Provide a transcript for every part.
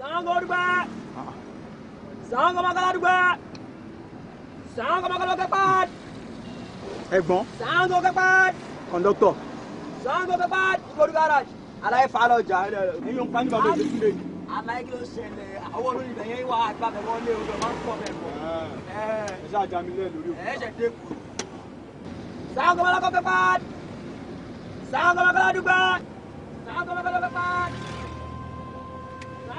sango dúpẹ́ sango makala dúpẹ́ sango makala kẹpàt. ẹ̀gbọ́n. sango kẹpàt. kọ̀ńdọ́tọ̀. sango kẹpàt ìgbòdú garage. alaye fa lọ jà ẹ ẹ yóò pa nígbà tó ti sílẹ̀ yìí. alaye kí ló ṣẹlẹ̀ àwọn olórí ibẹ̀ yẹn wà àgbà bẹ̀ wọ́n lé ojú ẹ̀ máa ń pọ̀ bẹ̀ bọ̀. ẹ ah. ẹ ṣáà já o. ẹ ṣẹ̀ dé kù. sango makala kẹpàt. sango makala dúpẹ́. sango makala kẹpàt.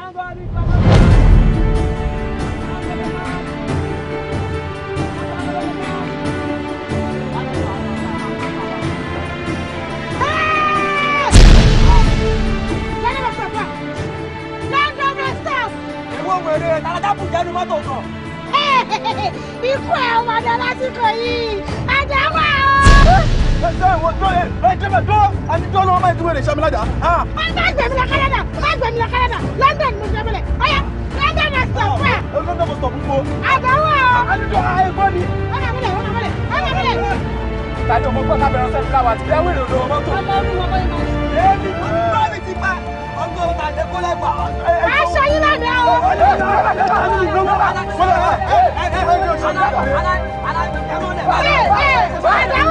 ikú ẹ̀ ọmọdé lásìkò yìí àjẹwà ani tó lọ́wọ́ máa ti wéèrè sami lajà. wọ́n bá gbẹ̀mí la kárẹ́dà wọ́n bá gbẹ̀mí la kárẹ́dà London mo jẹ́ bẹ̀rẹ̀ ọ̀yà London na stop fún ẹ. London kò stop fún o. àbẹ̀wò. ani tó ayé gbọ́ ni. wọ́n kà mílẹ̀ wọ́n kà mílẹ̀ wọ́n kà mílẹ̀. tàbí ọmọ gbọ́dọ̀ abẹ́rẹ́ sẹ́ni fúláwà àti bẹ́ẹ̀ wéèrè lọ́wọ́ mọ́tò. ọlọ́run mọ́ bọ́yìí máa ń sùn. ẹ ní bọ́ọ̀ ní ti pa ọgbọ́n tàdé kọ́lẹ́ gbà. aṣọ yín náà dá o. ọlọ́run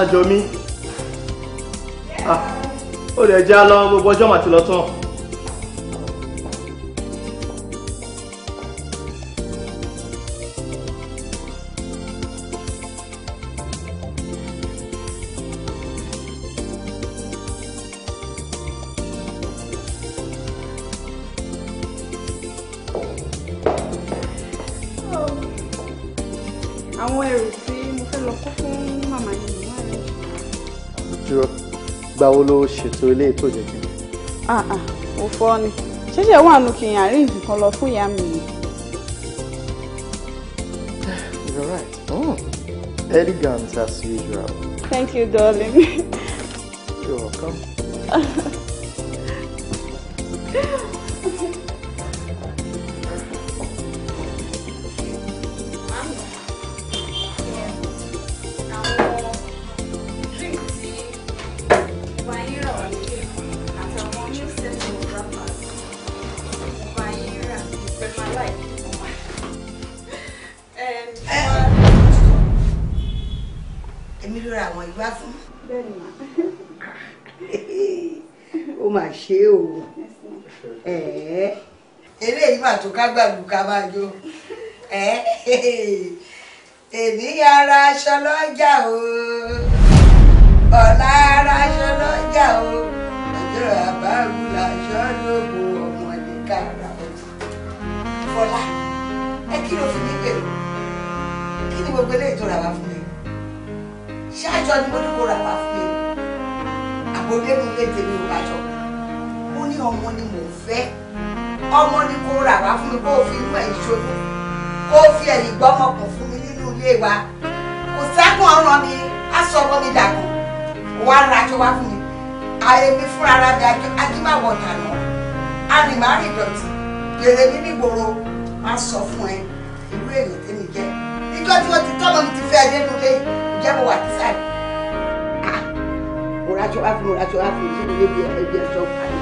Ọlájọmí ah, ó lè já lọ gbogbo ọjọ́ màtí lọ tán. ṣètò ilé ètò ìjẹ́kí. ò fọ́ ni ṣíṣe wà nù kí n àárín nǹkan lọ fún ìyá mi yìí. You're right. Oh, elegant as usual. Thank you, darling. You're welcome. àwọn ìlú àsùn. bẹ́ẹ̀ni ma. ó mà ṣe o eré ìgbà tó kágbàlú ká máa jó èmi ara aṣọ lọ́jà o ọ̀la ara aṣọ lọ́jà o ọjọ́ àbáwù làṣọ lóko ọmọdé kára ọtí fọlá ẹ kí ló fi mí pè mí kí ni gbogbo eléyìí tó ra fún ṣé àjọ ni mo ní kó ra wá fún mi àbólẹ́nu léde mi ò bá jọ mo ní ọmọ ni mò ń fẹ́ ọmọ ni kó ra wá fún mi kó o fi inú ẹ̀ ṣoyún kó o fi ẹ̀yìn gbọ́mọkùn fún mi nínú ilé wa kò sákùn ọ̀ràn mi á sọ ọmọ mi dàgbọ́n wá ra aṣọ wá fún mi àyèmí fúnra ara mi ajímàwọ̀ dànù arìnrìn àrìndọ̀tì lèrè mi nígboro má sọ fún ẹ ìlú èyí ìjọ tí wọ́n ti tọ́ ọmọ mi ti fẹ́ dénú lé ìjẹ́ mo wà ní sáì. Ah! mo ra wá fún mo ra wá fún ìṣẹ́ni lébi ẹbí ẹ̀ṣọ́ fàáyé.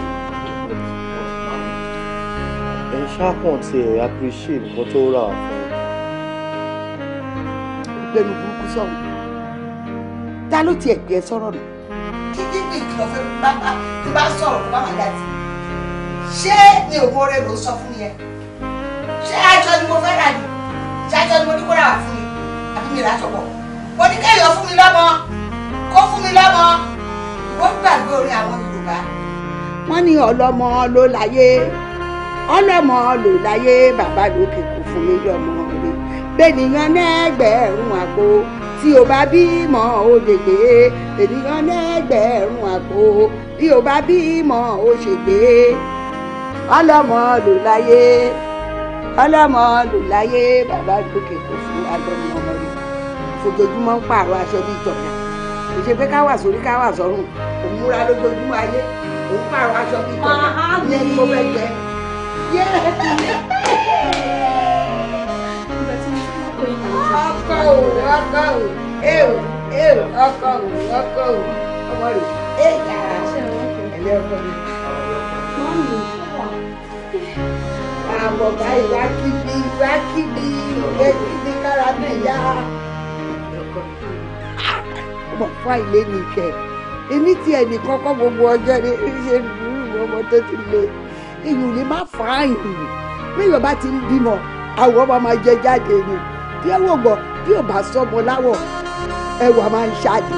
ẹ̀ ṣáàpọ̀ tí ẹ̀ appreciate nǹkan tó rà á fún un. gbẹ̀rù burúkú sọ̀rọ̀ ta ló tiẹ̀ gbé ẹ sọ̀rọ̀ nù. kíkí bí ìkìlọ̀ fẹ́ bá bá ti bá sọ̀rọ̀ fún bàbá dàtí ṣé mi ò mọ ló sọ fún yẹn ṣé aṣọ ni mo fẹ́ rà ni ṣáṣẹ́ ni mo ní kó rà fún mi àbí mi ràṣọpọ̀ mo ní kéèyàn fún mi lọ́mọ kó fún mi lọ́mọ wọ́n gbàgbé orin àwọn Yorùbá. wọ́n ní ọlọ́mọ ló láyé ọlọ́mọ ló láyé bàbá lókè kò fún mi lọ́mọ rẹ̀ bẹ́ẹ̀nìyàn lẹ́gbẹ̀rún àpò tí o bá bímọ o lè gbé ènìyàn lẹ́gbẹ̀rún àpò bí o bá bímọ o ṣègbè ọlọ́mọ ló láyé ọlọ́mọ lòláyé bàbá gbòkè kò fún alọ́mọ ọmọ rẹ̀ fojoojúmọ́ ń pààrọ̀ aṣọ bíi ìjọba kò ṣe pé ká wà sórí ká wà sọ́rùn òun múra lójoojúmọ́ ayé òun pààrọ̀ aṣọ bíi ìjọba ní ẹni tó fẹ́ jẹ. ọkọ o ọkọ o èrò èrò ọkọ o ọkọ o ọmọ rẹ̀ èyí àrà ẹ̀lẹ́ ọkọ mi. bọ̀dá ìwákìbí ìwákìbí ìwékìbí kárámẹ́yà. ọmọ fún àìlè ní ìkẹ́ èmi ti ẹnì kọ́kọ́ gbogbo ọjọ́ ni ṣe búrú ọmọ tó ti lé ìyùn ní má fà á ìyùn bí yorùbá ti ń bímọ àwọn ọmọ máa jẹ jáde ni bí ẹ wò bí ò bá sọmọ láwọ̀ ẹwà máa ń ṣáàdì.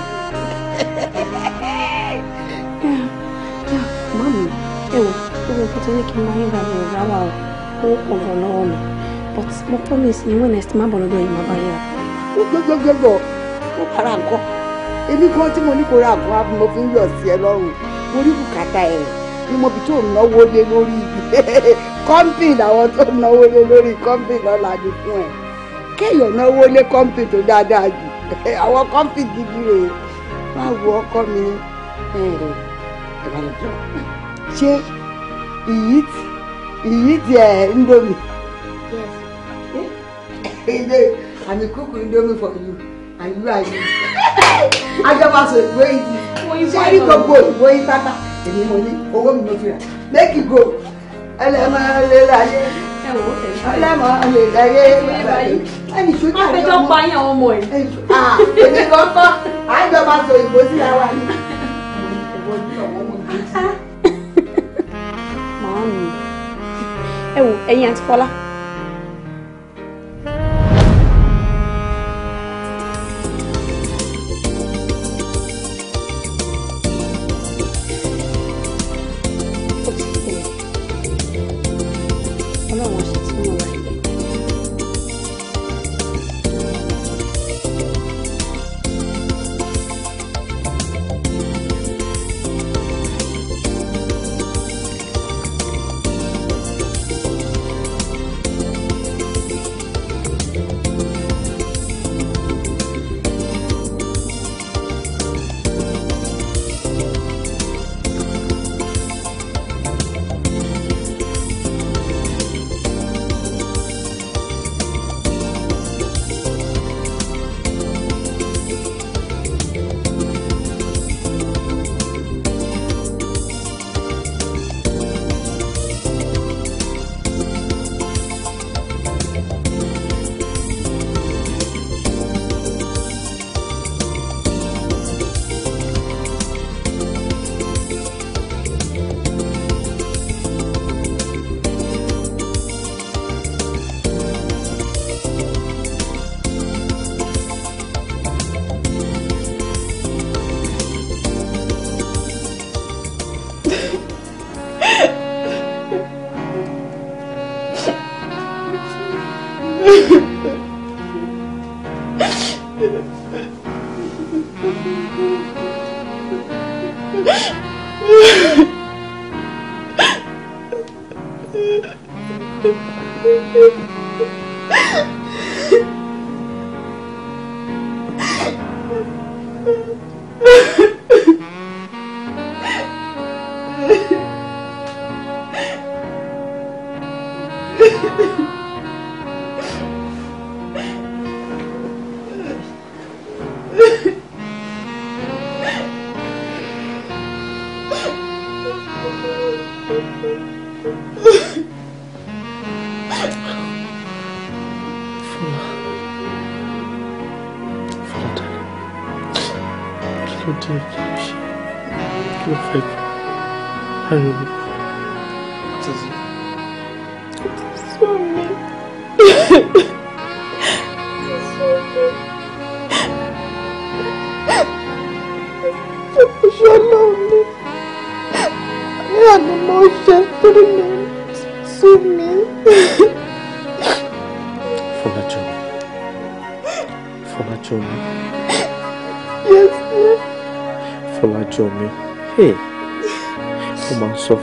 mọ́mí ẹ wò gbogbo nǹkan tó ní kí n máa ń gbà mí o owó pọ̀ lọ́wọ́ mi but mo promise you wẹ́n next má bọ̀ lọ́dọ̀ yìí má bá yẹn. gbogbogbò mo para nǹkan èmi kan tí mo ní kó ra àgọ́ mo fi ń yọ̀ sí ẹ lọ́rùn mo rí bùkátà ẹ̀ ni mo fi tó náwó lé lórí kọ́ńpì làwọn tó náwó lé lórí kọ́ńpì lọ́la ni fún ẹ̀ kéèyàn náwó lé kọ́ńpì tó dáadáa jù àwọn kọ́ńpì gidi rèé má wo ọkọ mi ẹ̀ ẹ̀ ẹ̀ ìyí tí You eat uh, Indomie? Yes. Eh? I will cook for you. And you are you. I just want to go eat it. Shall you go go? Go eat tata. Èmi mo ní owó mi ló fi rà. Make you go. Ẹlẹ́mọ̀ lè láyé. Ẹlẹ́mọ̀ lè láyé. Ẹni tó jà lọ́mọ. Àpéjọ pa yín àwọn ọmọ ah, yìí. À èmi kan kọ́. Àìjọba sọ ìbò síra wa ni. Màámi ẹ wò ẹ̀yin àti Fọlá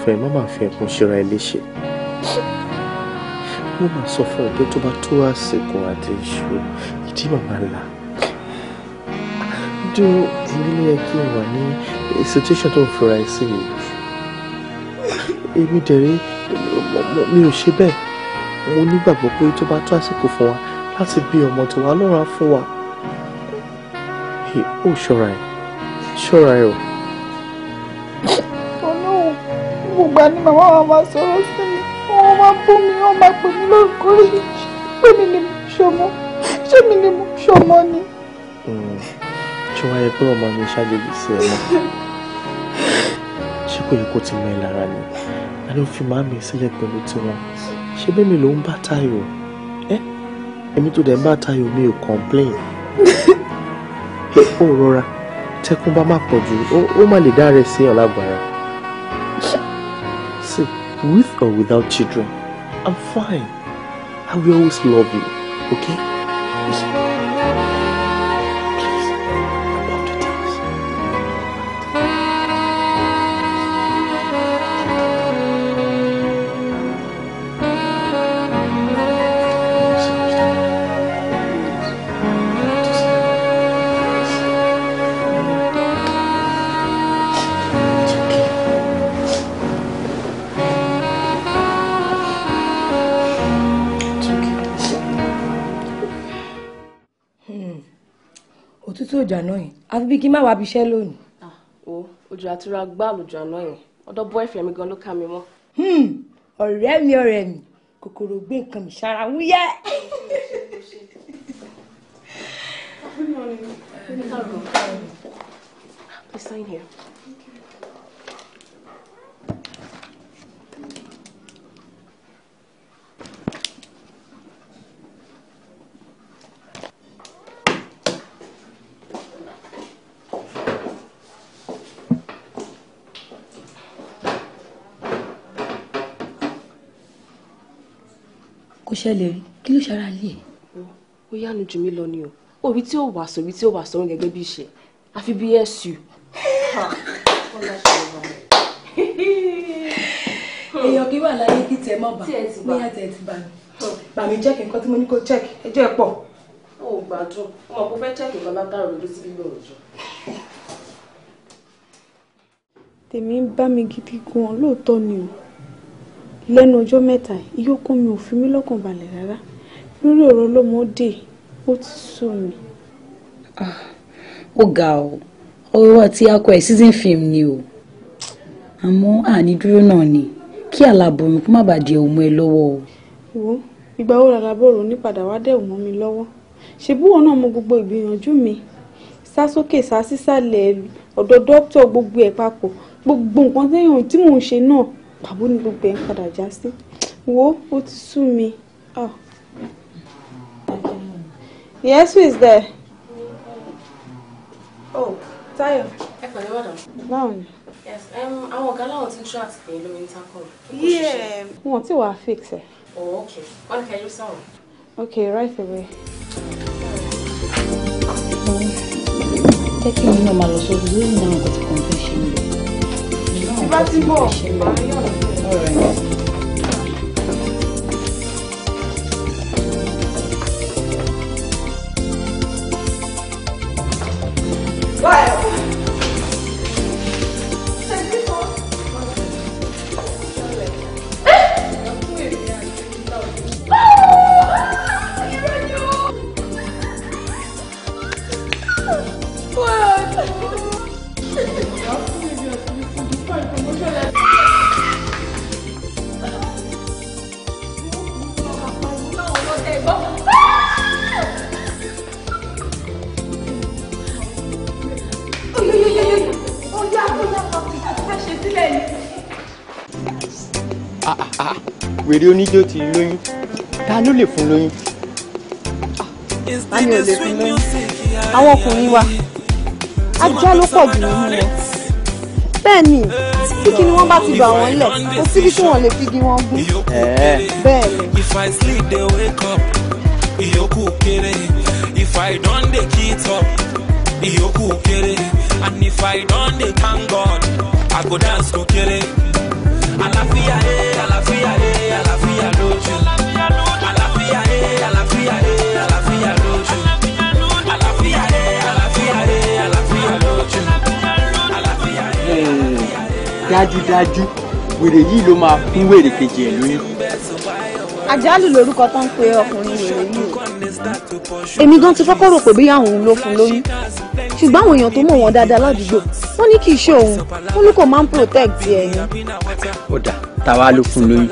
fẹ́ má máa fi ẹ̀kún ṣera ẹ léṣe mo máa sọ fún ẹ pé tó bá tó àsìkò àti ìṣòro ìdí màmá là dúró èmi ló yẹ kí n wà ní situation tó ń fura ẹ sí mi èmi dẹ̀rẹ́ mi ò ṣe bẹ́ẹ̀ mo nígbàgbọ́ pé tó bá tó àsìkò fún wa láti bí ọmọ tó wà lọ́ra fún wa ó ṣọ́ra ẹ̀ ṣọ́ra ẹ̀ o gbogbo ìgbà ni màmá wa máa sọ̀rọ̀ sí mi wọ́n máa bú mi wọ́n máa pè mí lórúkọ rí pé mi ni mo ṣọmọ ṣé mi ni mo ṣọmọ ni. ṣé wàá yẹ pé ọmọ mi ṣàjèjì sí ẹ náà ṣé kò yẹ kó ti mọ ẹ lára ni a ló fi màmí sílẹ̀ pẹ̀lú tiwọn ṣé bẹ́ẹ̀ mi ló ń bá Táyọ̀ ẹ́ èmi tó dẹ̀ ń bá Táyọ̀ mi ò complain ó rọra tẹkùn bá má pọ̀ jù ó má lè dá rẹ̀ sí ọ̀lágbára. with or without children, I'm fine. I will always love you, okay? lòjò àná yẹn àfi bí kí n má wá ibiṣẹ́ lónìí. o òjò àtura gbá lòjò àná yẹn ọ̀dọ̀ boyfriend mi gan ló ká mi mọ́. ọ̀rẹ́ mi ọ̀rẹ́ mi kòkòrò gbé nǹkan mi sára wúyẹ́. Please sign here. ṣẹlẹ̀ rí kí ló ṣara lé ẹ̀. ó yánu jù mí lọ ni o òbí tí ó wà sọ òbí tí ó wà sọ òun gẹ́gẹ́ bí iṣẹ́ àfi bí ẹ̀sù. èèyàn kí wà láyé kí tiẹ̀ mọ̀ bá ní àtẹ̀ ti bá mi bá mi jẹ́kì nǹkan tí mo ní kó jẹ́kì ẹjọ́ ẹ̀ pọ̀. ó gbádùn ọmọ kò fẹ́ jẹ́kì nǹkan látàrọ̀ lójú sí bíbí òòjọ́ tèmi ń bá mi gidi gan lóòótọ́ ni o lẹ́nu ọjọ́ mẹ́ta ìyókù mi ò fi mí lọ́kàn balẹ̀ rárá lórí ọ̀rọ̀ ọlọ́mọdé ó ti sú mi. Ah, ó ga ọ ọ̀rọ̀ àti akọ ẹ̀ season film ni o àmọ́ àní dúró náà ni kí aláboyún kó má ọmọ ẹ lọ́wọ́ o. wo ìgbà wo rárá bọ̀rọ̀ nípadà wá dẹ̀ mọ́ mi lọ́wọ́ ṣebí wọn náà mọ gbogbo ìgbìyànjú mi sá sókè sá sísàlẹ̀ ọ̀dọ̀ dókítà gbogbo ẹ̀ papọ̀ gbogbo nǹkan tí mò ń ṣe náà pàbó ni gbogbo ẹ̀ padà já sí wo ó ti sú mi. Ah. Yes, who is there? Oh, Tayo. Ẹ pẹ̀lú ọ̀dọ̀. Báwo ni? Yes, um, àwọn ọ̀gá láwọn ti ń ṣọ́ àti pẹ̀lú lórí intercom. Yeah. Wọ́n ti wà fix ẹ̀. Oh, okay. Wọ́n ní kẹ́yọ́ sọ̀rọ̀. Okay, right away. Jẹ́ kí n ní ọmọ lọ sórí lórí náà kò ń fẹ́ ṣe nílò bá ti bọ̀ máa yọ̀ obìnrin oníjó ti lóyún ta ló lè fún lóyún. a ní ò lè fún lóyún àwọn ọkùnrin wa ajá ló pọ̀ jù nínú wọn bẹ́ẹ̀ ni tí kí ni wọ́n bá ti bà wọ́n lẹ̀ kò síbi tí wọ́n lè fi di wọn gún bẹ́ẹ̀ ni. if i don dey keep up ìyókù kéré and if i don dey thank god i go dance go kéré àlàáfíà ẹ eh, àlàáfíà ẹ eh, àlàáfíà lójú àlàáfíà ẹ eh, àlàáfíà ẹ àlàáfíà lójú àlàáfíà ẹ àlàáfíà ẹ àlàáfíà lójú àlàáfíà ẹ. dájúdájú wèrè yìí ló máa fún wèrè kejì ẹ lóyún. àjálù lorúkọ tó ń pe ọkùnrin wèrè yìí èmi gan ti kọ́kọ́ rò pé bí àwọn òun ló fún lóyún ṣùgbọ́n àwọn èèyàn tó mọ̀ wọ́n dáadáa ládùúgbò ó ní kì í ṣe òun ó ní kò máa ń protect ẹ ni. ó dà táwa ló fún lóyún.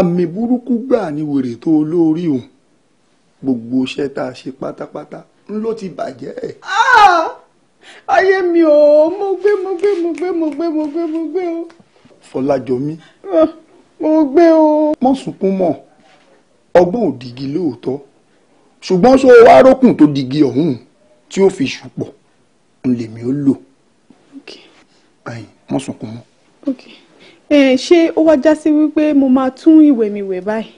àmì burúkú gbà ní wèrè tó olórí òun gbogbo iṣẹ́ tá a ṣe pátápátá ń ló ti bàjẹ́ ẹ̀. Ah! ayé mi ò mo gbé mo gbé mo gbé mo gbé mo gbé mo gbé o. Fọlájọmí. Ah, mo gbé o. mọ̀ sunkún mọ́ ọgbọ́n ò digi lóòótọ́ ṣùgbọ́n ṣó wá rókùn tó digi ọ̀hún tí ó fi ṣùpọ̀ ń lèmi ó lò. mọ̀ sunkún mọ́. Okay ṣé ó wá já sí wípé mo máa tún ìwé mi wẹ̀ báyìí.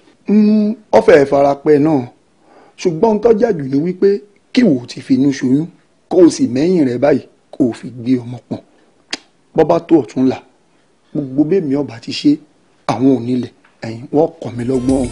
ọ̀fẹ́ hmm, ìfarapẹ́ náà ṣùgbọ́n ohun tó jàjù ni wípé kíwò ti finú ṣoyún kó o sì mẹ́yìn rẹ̀ báyìí kó o fi gbé ọmọ pọ̀n bọ́bá tó ọ̀tún là gbogbo bẹ́ẹ̀mí ọba ti ṣe àwọn onílẹ̀ ẹ̀yìn wọ́n kọ̀ mí lọ́gbọ́n ọ̀hún.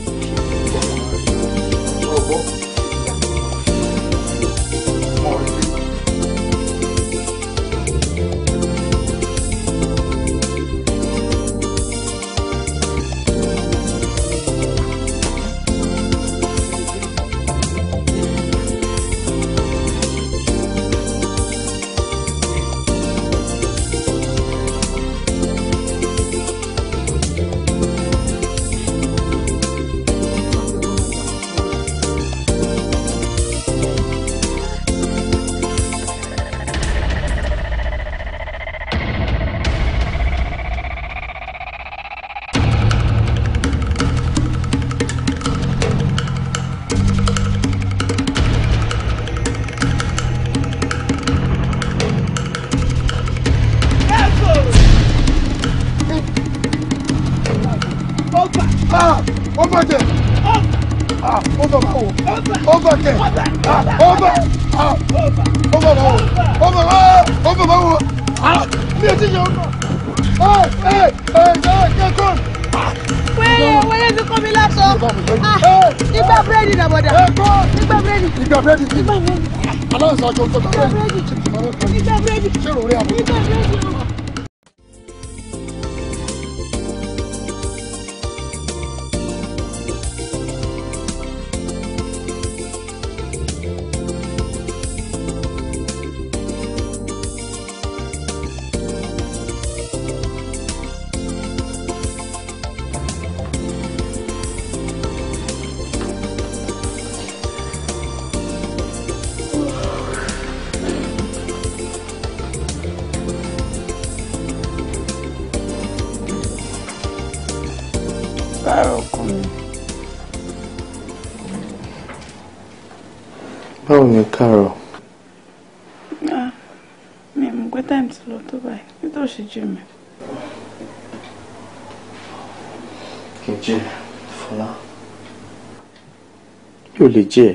lè jẹ́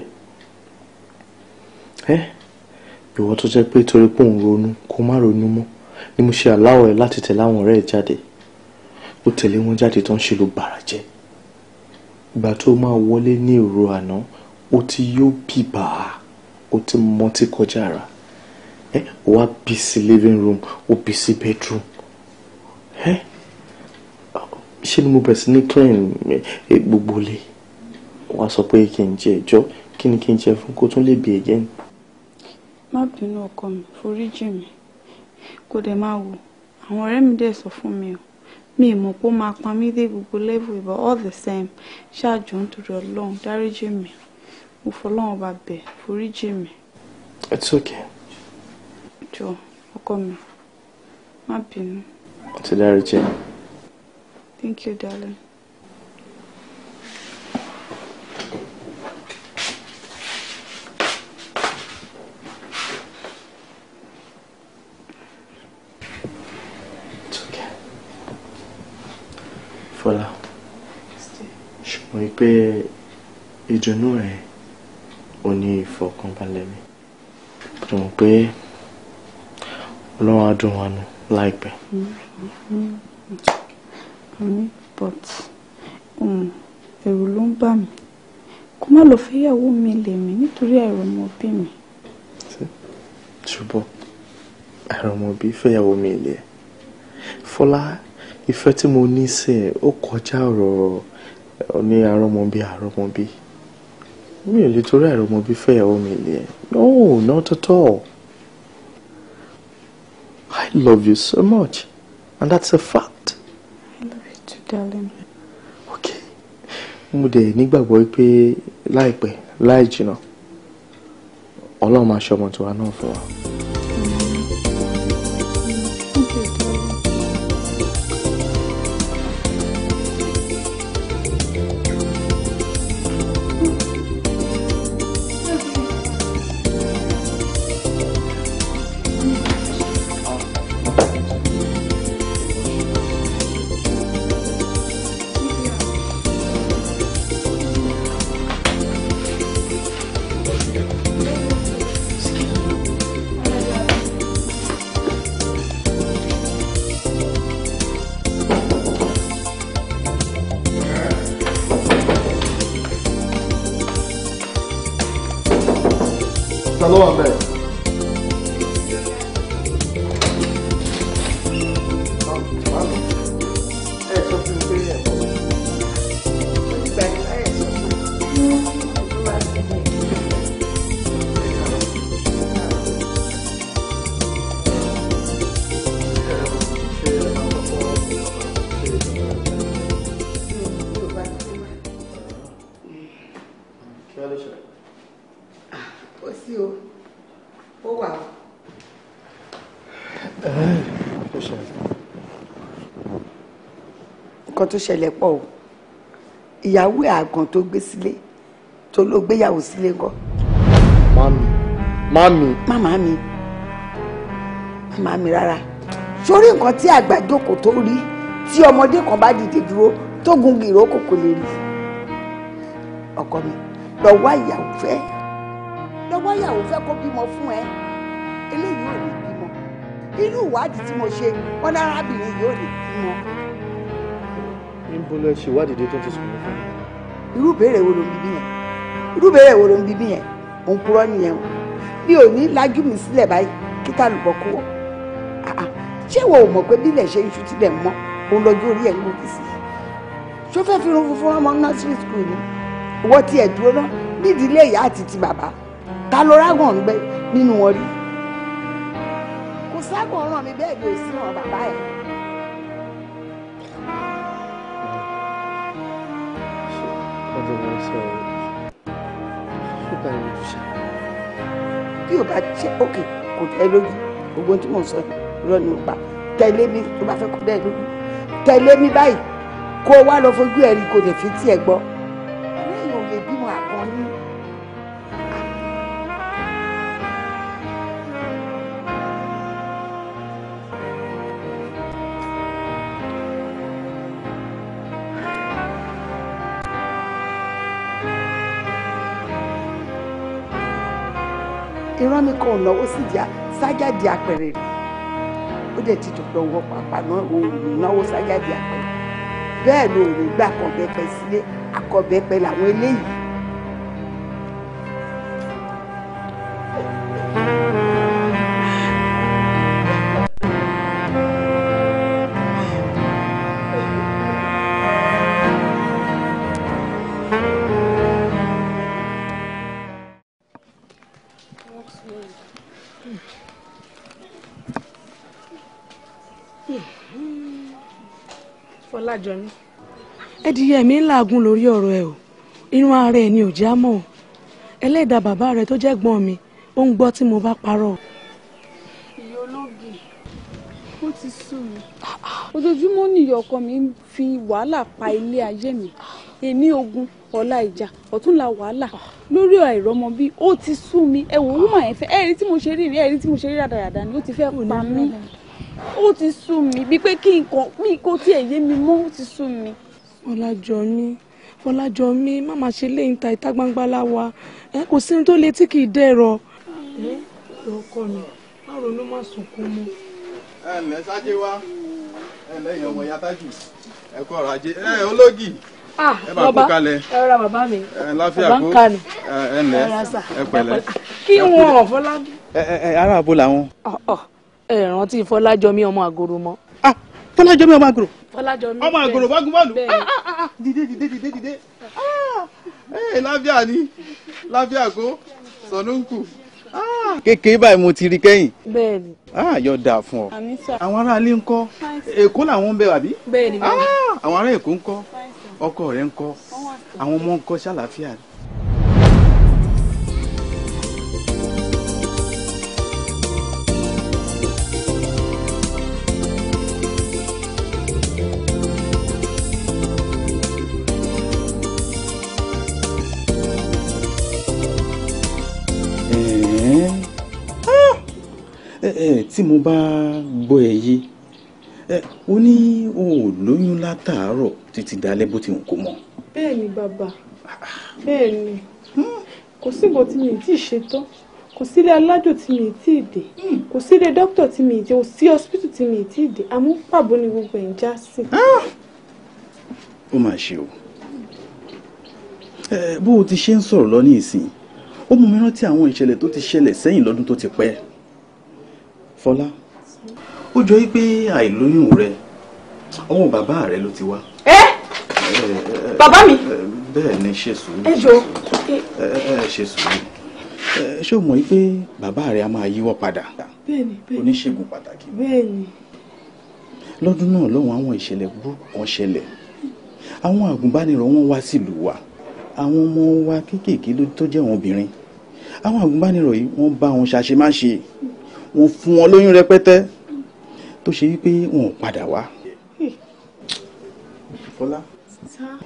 ẹ́ ìwọ tó jẹ́ pé torí pé òun ronú kó má ronú mọ́ ni mo ṣe àláwọ̀ ẹ láti tẹ̀lé àwọn ọ̀rẹ́ ẹ jáde ó tẹ̀lé wọn jáde tó ń ṣe ló bàrà jẹ́ ìgbà tó máa wọlé ní òru àná ó ti yó bìbà ó ti mọtí kọjá ara ẹ ó wá bí sí living room ó bí sí bedroom ẹ ṣé ni mo bẹ̀ sí ní clean gbogbo lé wá sọ pé kí n jẹ ẹjọ́ kí ni kí n jẹ fún kó tún lè bí again. má bínú ọkọ mi foríjì mi kó dẹ̀ máa wò àwọn ọ̀rẹ́ mi dẹ̀ sọ fún mi o mi mọ̀ pé ó máa pa mí dé gbogbo level ìbá all the same ṣáàjọ nítorí ọlọ́run dáríjì mi mo fọlọ́run ọba bẹ̀ foríjì mi. it's okay. jọ ọkọ mi má bínú. mo ti dáríjì. thank you darling. pé ìdùnnú rẹ ò ní ìfọ̀kànbalẹ̀ mi mo mọ̀ pé ọlọ́run á dùn wá nù láìpẹ́. mo ní but um, ẹ̀rù ló ń bà mí kó má lọ fẹ́yàwó mi lèmi nítorí àìrọ́mọbí mi. ṣùgbọ́n àìrọ́mọbí fẹ́yàwó mi lè fọlá ìfẹ́ tí mo ní sí ẹ ó kọjá ọ̀rọ̀ ó ní àrọ́mọbí àrọ́mọbí mi ò lè torí àrọ́mọbí fẹ́yàwó mi lè no not at all I love you so much and that's a fact. I love you too darling. okay mo dẹ̀ nígbàgbọ́ pé láìpẹ́ láì jìnnà ọlọ́run máa ṣọmọ tiwa náà fún wa. nǹkan tó ṣẹlẹ̀ pọ̀ o ìyàwó àgàn tó gbé sílé tó ló gbéyàwó sílé ńkọ́. mami mami. màmá mi màmá mi rárá sórí nǹkan tí àgbàjókòó tó rí tí ọmọdé kan bá dìde dúró tó gun gìrò kòkò lè rí ọkọ mi lọ wá fẹ́ lọ wá fẹ́ kó bímọ fún ẹ eléyìí ò ní bímọ irú ìwádìí tí mo ṣe wọn lárábìnrin yìí ò ní bímọ níbo lẹ ṣe ìwádìí dé tó ti sùn fún mi. irú béèrè wo ló ń bíbí yẹn irú béèrè wo ló ń bíbí yẹn òun purọ́ nìyẹn o bí ò ní lajú mi sílẹ̀ báyìí kí tá lùbọ̀ kú wọ ṣé wo ò mọ̀ pé bílẹ̀ ṣe iṣu tilẹ̀ mọ́ òun lọ́jọ́ orí ẹ̀ ń gòkè sí i ṣó fẹ́ fi irun funfun ọmọ nursery school ni ìwọ tiẹ̀ dúró náà nídìí ilé ìyá àti ti bàbá ta ló rágùn ọ̀ngbẹ nínú wọn rí kò ságùn ọ̀ràn mi bẹ́ẹ̀ ni sí wọn bàbá ẹ̀. sọ ó bá rẹ lójú ṣá bí o bá ṣe òkè kò tẹ́ lójú gbogbo tí mò ń sọ irọ́ ni mo pa tẹ̀lé mi tó bá fẹ́ kó dẹ́ lójú tẹ̀lé mi báyìí kó o wá lọ fojú ẹ̀ rí kó lè fi tiẹ̀ gbọ́. rán mi kan ọ̀nà ó sì di sájàdì àpẹẹrẹ rẹ̀ ó dẹ̀ ti dùpẹ́ owó pàpà náà òun náwó sájàdì àpẹẹrẹ bẹ́ẹ̀ ló rí gbà kọ̀bẹ́pẹ sílé akọ̀bẹ́pẹ làwọn eléyìí Fọlájọmí. ẹdìyẹ mi ń làágùn lórí ọ̀rọ̀ ẹ o irun ara ẹ ni ò já mọ́ ẹlẹ́dàá bàbá rẹ tó jẹ́ gbọ́n mi ó ń gbọ́ tí mo bá parọ́. ìyá olóògì ó ti sú mi ojoojúmọ́ nìyọ ọkọ mi ń fi wàhálà pa ilé ayé mi èmi ogun ọ̀la ìjà ọ̀túnla wàhálà lórí àìrọ́mọ bí ó ti sú mi ẹ wò ó mà ẹ fẹ́ ẹ rí tí mo ṣe rí ẹ rí tí mo ṣe rí rádaràdà ni ó ti fẹ́ pa mí ó ti sú mi bíi pé kí nǹkan mi kó tí ẹ̀ yé mi mọ́ ó ti sú mi. Fọlájọmí Fọlájọmí má máa ṣe léyìn ta ìta gbangba láwa ẹ kò sí ohun tó le tí kì í dẹ̀rọ̀. ẹ ọkọ mi má ronú má sunkún mọ́. ẹ ǹlẹ́ sáájé wá ẹ lẹ́yìn ọmọ ìyá tájù ẹ kọ́ ọ̀rọ̀ ajé ẹ ológì ah, ẹ bá kó kalẹ̀ ẹ ra bàbá mi láfíà kó ẹ ǹlẹ́ ẹ pẹ̀lẹ́. kí wọn ọ̀fọ́lá. ẹ ẹ ara àbò làwọn. Ah, ah ẹ rántí fọlájọmí ọmọ àgòrò mọ́. Ah, fọlájọmí ọmọ àgòrò fọlájọmí ọmọ àgòrò bágúbọ́ọ̀lù ah, ah, dìde dìde dìde dìde ẹ eh, láfíà ni láfíà kó sọnùkù kékeré báyìí mo ti rí kẹ́yìn. bẹ́ẹ̀ni. ah yọ da fún ọ. àwọn ará ilé ńkọ́ èkó làwọn ń bẹ àbí. bẹ́ẹ̀ni bẹ́ẹ̀ni. àwọn ará èkó ńkọ́ ọkọ rẹ ńkọ́ àwọn ọmọ ńkọ́ ṣàlàáfíà rẹ. tí mo bá gbọ́ ẹ yé ó ní o ò lóyún látàárọ̀ títí dalẹ́ bó ti hùn kó mọ́. bẹ́ẹ̀ ni bàbá ah, ah. bẹ́ẹ̀ ni hmm? kò síbò tí mi ti ṣe tán kò sílé alájò tí mi ti dé hmm. kò sílé dókítà tí mi dé sí hospital tí mi ti dé àmọ́ pàbó ni gbogbo ẹ̀ ń já sí. Ah! ó mà ṣe o bó o ti ṣe ń sọ̀rọ̀ lọ ní ìsìn ó mú mi rántí àwọn ìṣẹ̀lẹ̀ tó ti ṣẹlẹ̀ sẹ́yìn lọ́dún tó ti pẹ́ Fọlá ó jọ pé àìlóyún rẹ ọwọ́ bàbá rẹ ló ti wá. ẹ bàbá mi. bẹ́ẹ̀ ni ṣe sùúrù. ẹ jọ ẹ ṣe sùúrù ṣé o mọ̀ pé bàbá rẹ a máa yíwọ́ padà. bẹ́ẹ̀ni bẹ́ẹ̀ni oníṣègùn pàtàkì. bẹ́ẹ̀ni. lọ́dún náà lọ́hùn àwọn ìṣẹ̀lẹ̀ burúkú kan ṣẹlẹ̀ àwọn àgùnbánirọ̀ wọn wá sílùú wa àwọn ọmọ wa kéékèèké tó jẹ́ àwọn obìnrin àwọn àgùnbánirọ̀ yìí wọ́n bá wọn ṣàṣemáṣe mo fún wọn lóyún rẹpẹtẹ tó ṣe wípé wọn ò padà wá. fọlá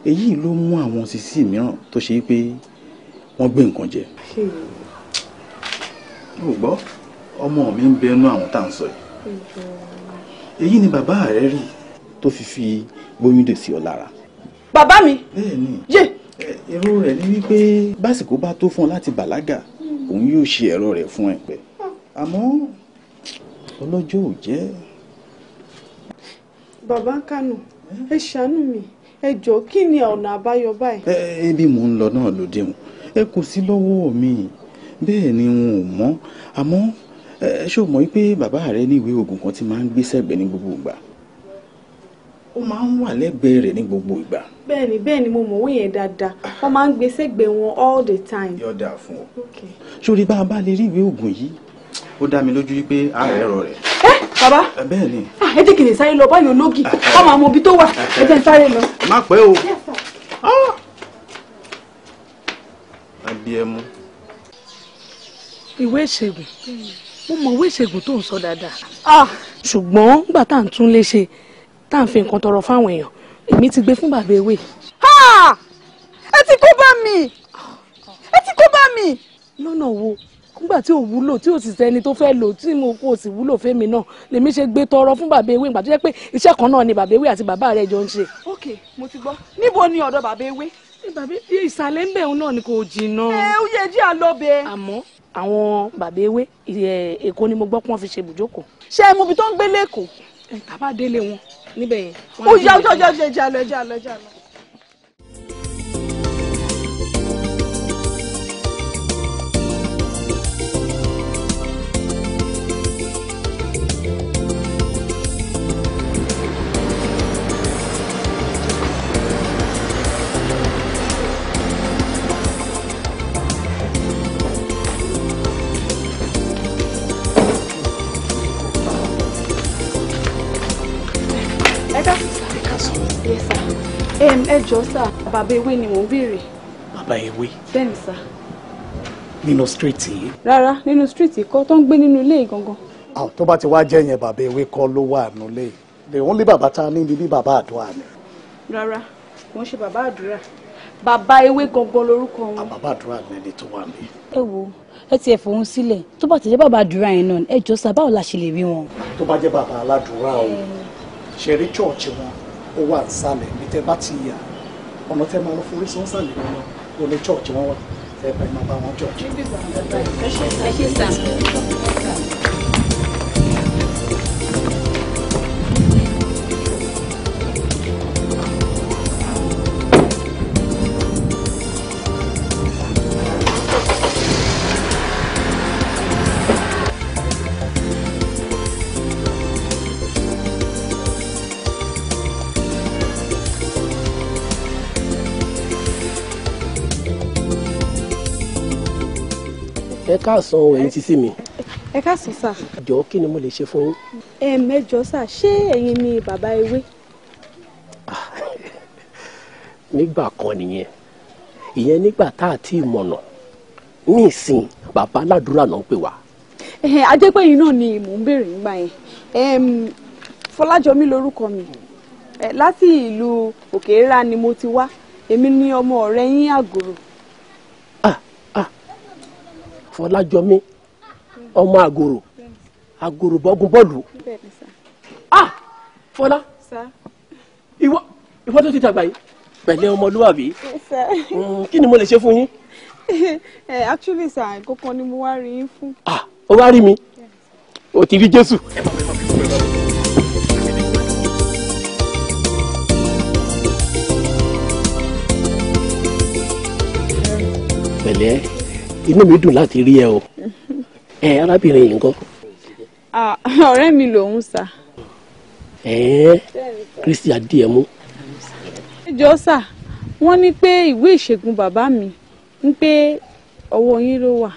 èyí ló mú àwọn sisi mìíràn tó ṣe wípé wọ́n gbé nǹkan jẹ. o gbọ́ ọmọ mi ń bẹnu àwọn tá à ń sọ yìí èyí ni bàbá rẹ rí tó fi fi gbóyún dè sí ọ lára. bàbá mi. bẹ́ẹ̀ni yé. èrò rẹ̀ ni wípé básìkò bá tó fún ọ láti bàlágà hmm. òun yóò ṣe ẹ̀rọ rẹ̀ fún ẹ pẹ́ àmọ́ ọlọ́jọ́ ò jẹ́. bàbá kánò ẹ ṣàánú mi ẹ jọ kí ni ọ̀nà àbáyọ báyìí. ẹ ẹ bí mò ń lọ náà ló dẹ̀hùn ẹ kò sí lọ́wọ́ mi bẹ́ẹ̀ ni n ò mọ̀ àmọ́ ẹ ṣó mọ̀ pé bàbá rẹ ní ìwé oògùn kan ti máa ń gbé sẹ́gbẹ̀ẹ́ ní gbogbo ìgbà ó máa ń wà lẹ́gbẹ̀ẹ́ rẹ̀ ní gbogbo ìgbà. bẹ́ẹ̀ni bẹ́ẹ̀ni mo mọ̀ owó yẹn dáadáa wọn máa ń gbé sẹ́gbẹ̀ẹ́ wọn all the time. yọ̀dà fún ọ. sórí bá a bá lè rí ìwé oògùn yìí ó dá mi lójú wípé ààrẹ ẹ̀rọ rẹ̀. ẹ bàbá bẹ́ẹ̀ ni. Ah, ẹ jẹ́ kí n lè sáré lọ báyọ̀ lógì káwọn àmọ́ ibi tó wà ẹ jẹ́ n sáré lọ. má pẹ́ o ah. abiemu. ìwé ìṣègùn mo mọ ìwé ìṣègùn tó ń sọ dáadáa. Ah. ṣùgbọ́n nígbà tá à ń tún lè ṣe tá à ń fi nǹkan tọrọ fáwọn èèyàn èmi ti gbé fún bàbá ewé. ẹ ti kó bá mi ẹ ti kó bá mi. lọ́nà wo nígbà tí ò wúlò tí o sì sẹ́ni tó fẹ́ lò tí mo kò sì wúlò fẹ́mi náà lèmi ṣe gbé tọrọ fún bàbá ewé ìgbà tó jẹ́ pé iṣẹ́ kan náà ni bàbá ewé àti bàbá rẹ̀ jọ ń ṣe. ok mo ti gbọ́ níbo ni ọ̀dọ̀ bàbá ewé. bàbá ìsàlẹ̀ ń bẹ̀ òun náà ni kò jìnnà. ẹ ó yẹ jí àlọ́bẹ̀. àmọ́ àwọn bàbá ewé èkó ni mo gbọ́ pé wọ́n fi ṣe ibùjókòó. ṣé ẹ mọ ibi tó ń gbé lẹ́kọ̀ọ́. tàbá délé wọn níbẹ̀ yẹn. ó yá ọjọ́ ọjọ́ ẹja lọ ẹ jọ̀ọ́ sà bàbá ewé ni mò ń béèrè. bàbá ewé. bẹ́ẹ̀ni sà. nínú stíríìtì yìí. rárá nínú stíríìtì kọ́ tó ń gbé nínú ilé yìí gangan. àwọn tó bá ti wá jẹ́ yẹn bàbá ewé kọ́ ló wà nílé yìí the only bàbá tá a ní ni bí bàbá àdúrà ni. rárá kò ń ṣe bàbá àdúrà bàbá ewé gangan lórúkọ wọn. àbàbà ah, àdúrà ni ẹni tó wà mí. ẹ wo ẹ tiẹ̀ fòun sílẹ̀ tó bá ti jẹ́ bàbá àdúrà yẹn náà ẹ jọ̀ọ́ sà báwo ṣe lè rí wọn. tó bá jẹ́ bàbá aládùúrà o ṣe rí chọ́ọ̀chì wọn ó wà nsàlẹ̀ ibi tẹ́ bá ti yà ọ̀nà tẹ́ máa lọ fún orísun nsàlẹ̀ ọ̀nà ọ̀nà church wọn wà tẹ́ bá máa bá wọn church. ẹ ṣe sá. ẹ káàsán ẹ̀yin sísí mi. ẹ káàsán sà. jọ kí ni mo lè ṣe fún yín. ẹ mẹjọ sà ṣé ẹ̀yin ni bàbá ewé. nígbà kan nìyẹn ìyẹn nígbà tá a ti mọ̀nà ní ìsìn bàbá aládùúrà náà ń pè wá. ajẹ́ pé yín náà ni mò ń béèrè nígbà yẹn Fọlájọmí lorúkọ mi láti ìlú Òkèèrà ni mo ti wá èmi ni ọmọ ọ̀rẹ́ yín àgòrò fọlájọmí ọmọ àgòrò àgòrò bọ́gun bọ́ọ̀lù ah fọlá ìwọ ìwọ tó ti dàgbà yìí pẹ̀lẹ́ ọmọlúwàbí mm, kí ni mo lè ṣe fún yín. Eh, actually sir kankan ni mo wá rí yín fún. ah o wá rí mi o ti rí jésù. pẹ̀lẹ́ inú mi dùn láti rí ẹ o ẹ arábìnrin yìí ń kọ́. ọ̀rẹ́ mi lòun sà. ẹ̀ẹ́n kristi adìẹ mú. ẹjọ́ sà wọ́n ní pé ìwé ìṣègùn bàbá mi ń pé ọwọ́ yín ló wà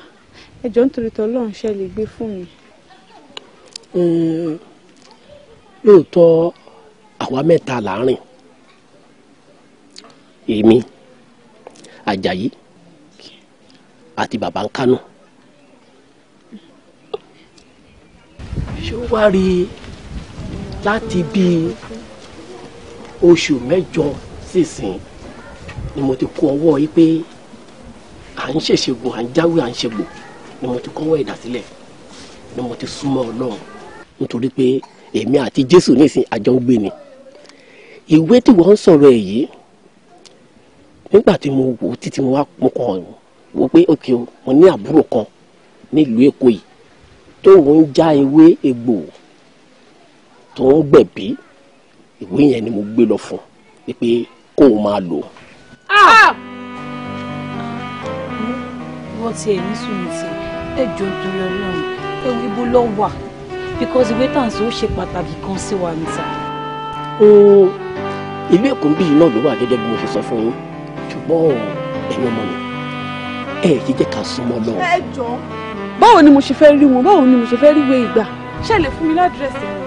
ẹjọ́ nítorí tọ́lọ́run ṣe lè gbé fún mi. lóòótọ́ àwa mẹ́ta là èmi àjàyí àti bàbá ń kánú. ṣé ó wá rí i láti bíi oṣù mẹ́jọ sísìn ni mo ti kó ọwọ́ yìí pé à ń ṣèṣègùn à ń jáwé à ń ṣègbò ni mo ti kọ́wọ́ ìdásílẹ̀ ni mo ti súnmọ́ ọlọ́run nítorí pé èmi àti jésù nísìn àjọ ń gbé ni ìwé tí wọ́n ń sọ̀rọ̀ èyí nígbà tí mo wò ó títí mo wá mo kàn wò pé òkè o mo ní àbúrò kan nílùú èkó yìí tóun ń já ewé egbò tó ń gbẹ̀bí ìwé yẹn ni mo gbé lọ fún un pé kóun máa lò. Ah! Ah! Ah! wọ́n ti ẹ̀ ní sùnìtì ẹ jọ dúró lọ́rùn ewu ibo lọ wà because ìwé tàǹsì ó ṣe pàtàkì kan sí wa níta. ìlú èkó ń bí iná ló wà gẹ́gẹ́ bí mo ṣe sọ fún yín ṣùgbọ́n ẹ̀yin ọmọ mi ẹ ẹ jẹ́ ká súnmọ́ lọ. ẹ jọ báwo ni mo ṣe fẹ́ rí wọn báwo ni mo ṣe fẹ́ rí wé ìgbà ṣe lè fún mi ládírẹ́sì wọn.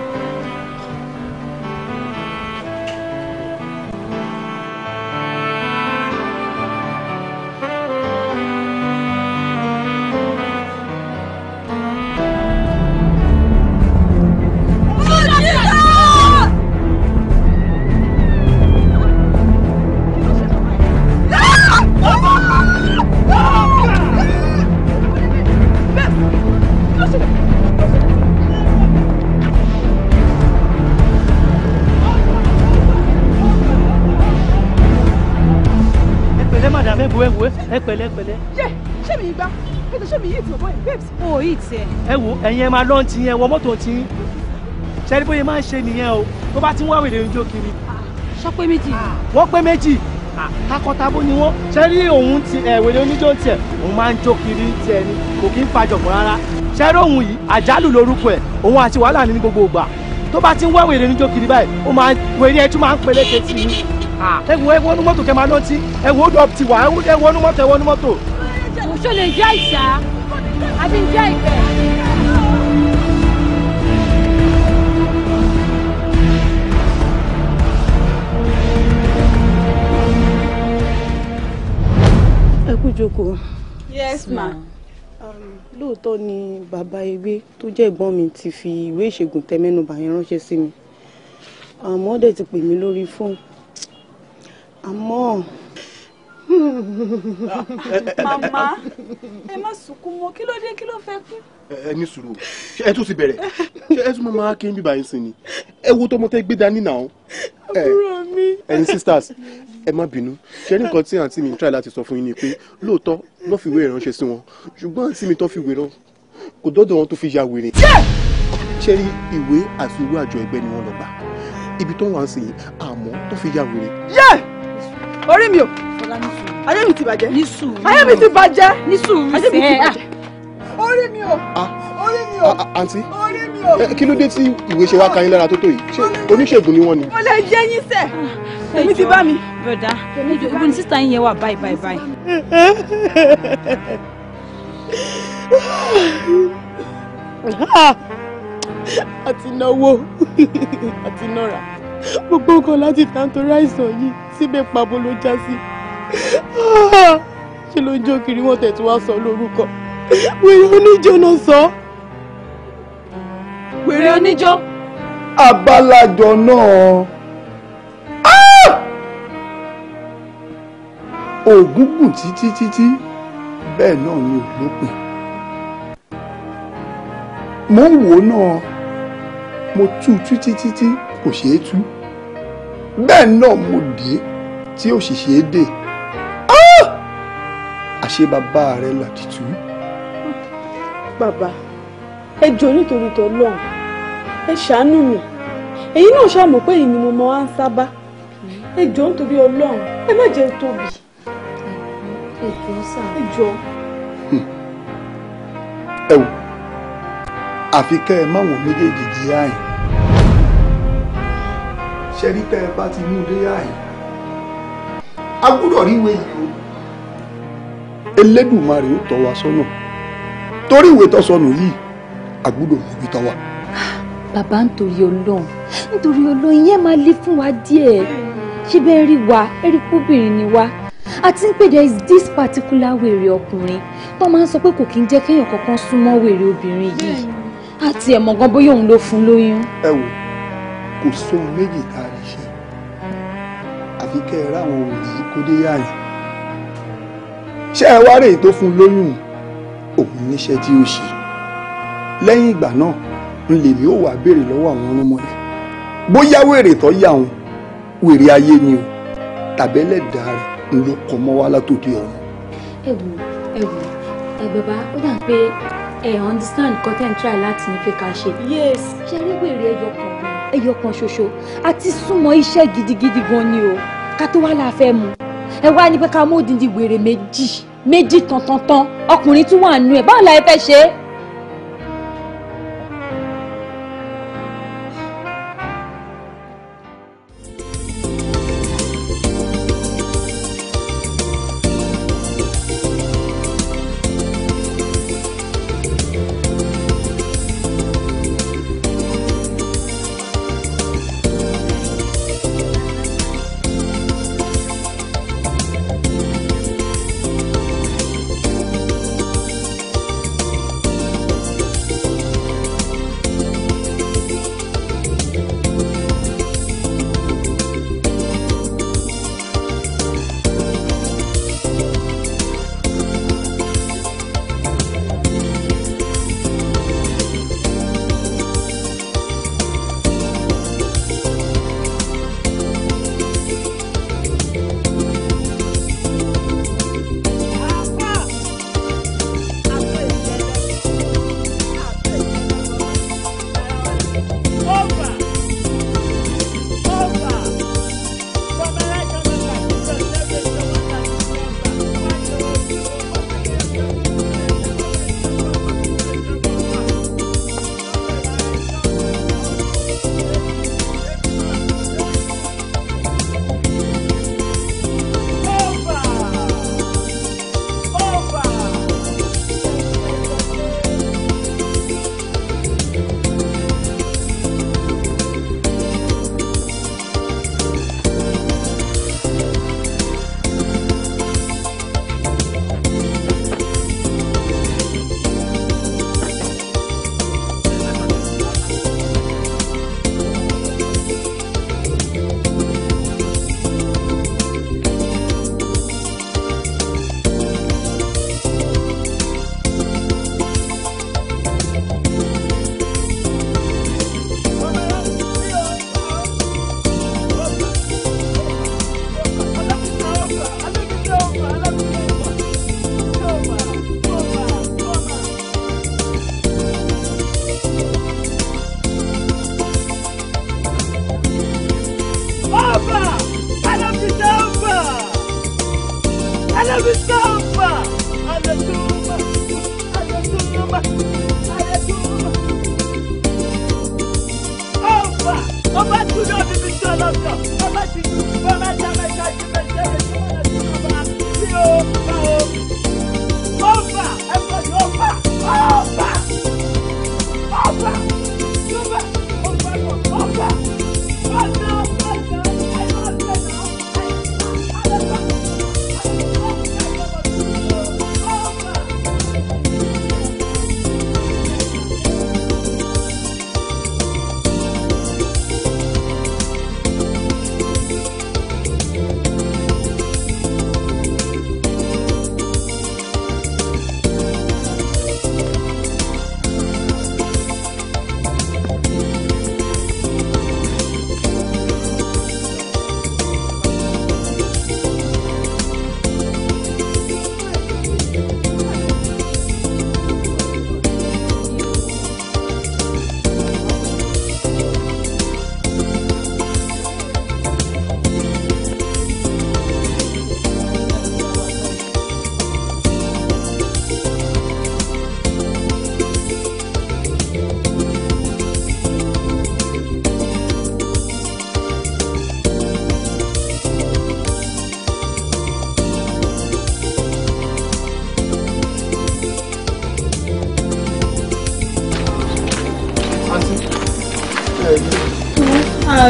ẹ̀yin ẹ̀ máa lọ́n ti yẹn wọ mọ́tò tí ṣẹ́ni bóyá máa ń ṣe nìyẹn o tó bá ti ń wá wèrè ìjọ kiri. sọ pé méjì. wọ́n pé méjì takọtabo ni wọ́n ṣẹ́ni òun ti wèrè oníjó tiẹ̀ òun máa ń jó kiri tiẹ̀ ni kò kí ń fa jọ̀gbọ́n rárá ṣẹ́ni òun yìí àjálù lórúkọ ẹ̀ òun àti wàhálà ní gbogbo ìgbà tó bá ti ń wá wèrè oníjó kiri báyìí ó máa wèrè ẹ̀ tún máa ń peléke sí i ẹ̀wọ̀n ẹ̀wọ̀n ní mọ́tò kẹ́ máa lọ́ọ́ tí ẹ̀wọ̀n ó dọ̀ ti wà ẹ̀wọ̀n ní mọ́tò ẹ̀wọ̀n ní mọ́tò. òṣèlè jẹ́ ìṣá àbí jẹ́ ìgbẹ́. Koko. Yes, ma. Um, lóòótọ́ ni bàbá ewé tó jẹ́ ìgbọ́n mi ti fi ìwé ìṣègùn tẹ mẹ́nubà yẹn ránṣẹ́ sí mi. Àmọ́ um, dẹ̀ ti pè mí lórí fóònù. Àmọ́. Màmá, ẹ má sunkún mọ́, kí ló dé, kí ló fẹ́ kú? Ẹ ní sùúrù, ṣé ẹ tún ti bẹ̀rẹ̀? Ṣé ẹ tún máa máa kí n bíbá yín sí ni? Ẹ wo tọmọ tẹ gbé dání náà. Àbúrò mi. Ẹ̀yin sisters, ẹ má bínú ṣe ní nǹkan tí àǹtí mi ń try láti sọ fún yín ni pé lóòótọ́ ló fi ìwé ìránṣẹ́ sí wọn ṣùgbọ́n àǹtí mi tó fi ìwé rán kò dọ́dọ̀ wọn tó fi ya wèrè. ṣé rí ìwé àti ìwé àjọ ẹgbẹ́ ni wọ́n lọ gbà ibi tó wà ń sìn àmọ́ tó fi ya wèrè. yẹ orí mi o ayé mi ti bàjẹ́ ayé mi ti bàjẹ́ ayé mi ti bàjẹ́ orí mi o ah. orí mi o àǹtí ah, ah, orí mi o eh, kí ló dé tí ìwé ṣe wá ka yín lára tó tó yìí ṣé oníṣègùn ni wọ́n ni. mo lè jẹ́ yín sẹ́ èmi ti bá mi. bọ̀dá ibo ni sísá yín yẹn wà báyìí báyìí báyìí. àti náwó àti nọ́ra gbogbo nǹkan láti ta nítorí àìsàn yìí síbẹ̀ pàbó ló já sí ṣe ló ń jó kiri wọ́n tẹ̀ tí wọ́n á sọ lórúkọ wèrè oníjó náà sọ. wèrè oníjó. abalajọ náà. Ah! ògùn gùn títí títí bẹ́ẹ̀ náà ni ò lópin mo ń wò ó náà mo tú tú títí tí kò ṣeé tú bẹ́ẹ̀ náà mo dé tí ò sì ṣeé dé ah! àṣé bàbá rẹ̀ làdìtú bàbá ẹ jọ nítorí tọlọ́run ẹ ṣàánú mi èyí náà ṣàmù pé èyí ni mo mọ wá ń sábà ẹ jọ nítorí Ọlọ́run ẹ má jẹ́ tóbi. ẹ jọ sá ẹ jọ. Hmm. ẹ wò àfi kẹ́ ẹ má wò méjèèjì di àyìn ṣe rí tẹ́ ẹ bá ti mú dé àyìn a gbọ́dọ̀ ríwe yìí o Elédùmarè ó tọ́ wa sọ́nà. So torí ìwé tó sọnù yìí àgbúdò níbi tó wà. bàbá nítorí Ọlọ́run nítorí Ọlọ́run ìyẹn máa le fún wa díẹ̀ ṣé bẹ́ẹ̀ rí wa ẹ̀rí kúbìnrin ni wa àti ń there is this particular wèrè ọkùnrin tó máa ń sọ pé kò kí ń jẹ́ kéèyàn kankan súnmọ́ wèrè obìnrin yìí àti ẹ̀mọ̀ gan bóyá òun ló fún lóyún. ẹ wò kò sóhun méjì tá a lè ṣe àfi kẹ́ ẹ ráwọn òòlù kó dé yáàyàn ṣé ẹ wá rèé tó fún lóyún òun níṣẹ́ tí ó ṣe lẹ́yìn ìgbà náà n lèmi ó béèrè lọ́wọ́ àwọn ọlọ́mọdé bóyá wèrè tó yà wọn wèrè ayé ni o tàbẹ́lẹ̀dá rẹ̀ ń kọ́ mọ́ wá látòdì ọ̀run. ẹ wò ẹ wò ẹ bàbá ó dà pé ẹ understand content try láti ní pé ká ṣe. yes ṣe rí wèrè ẹyọ kan ẹyọ kan ṣoṣo àti súnmọ́ iṣẹ́ gidigidi gan ni o ká tó wá la fẹ́ mu ẹ wá ní pé ká mú òdìdí wèrè méjì méjì tán tán tán ọkùnrin tún wà nù ẹ̀ báwo la ẹ fẹ́ ṣe é.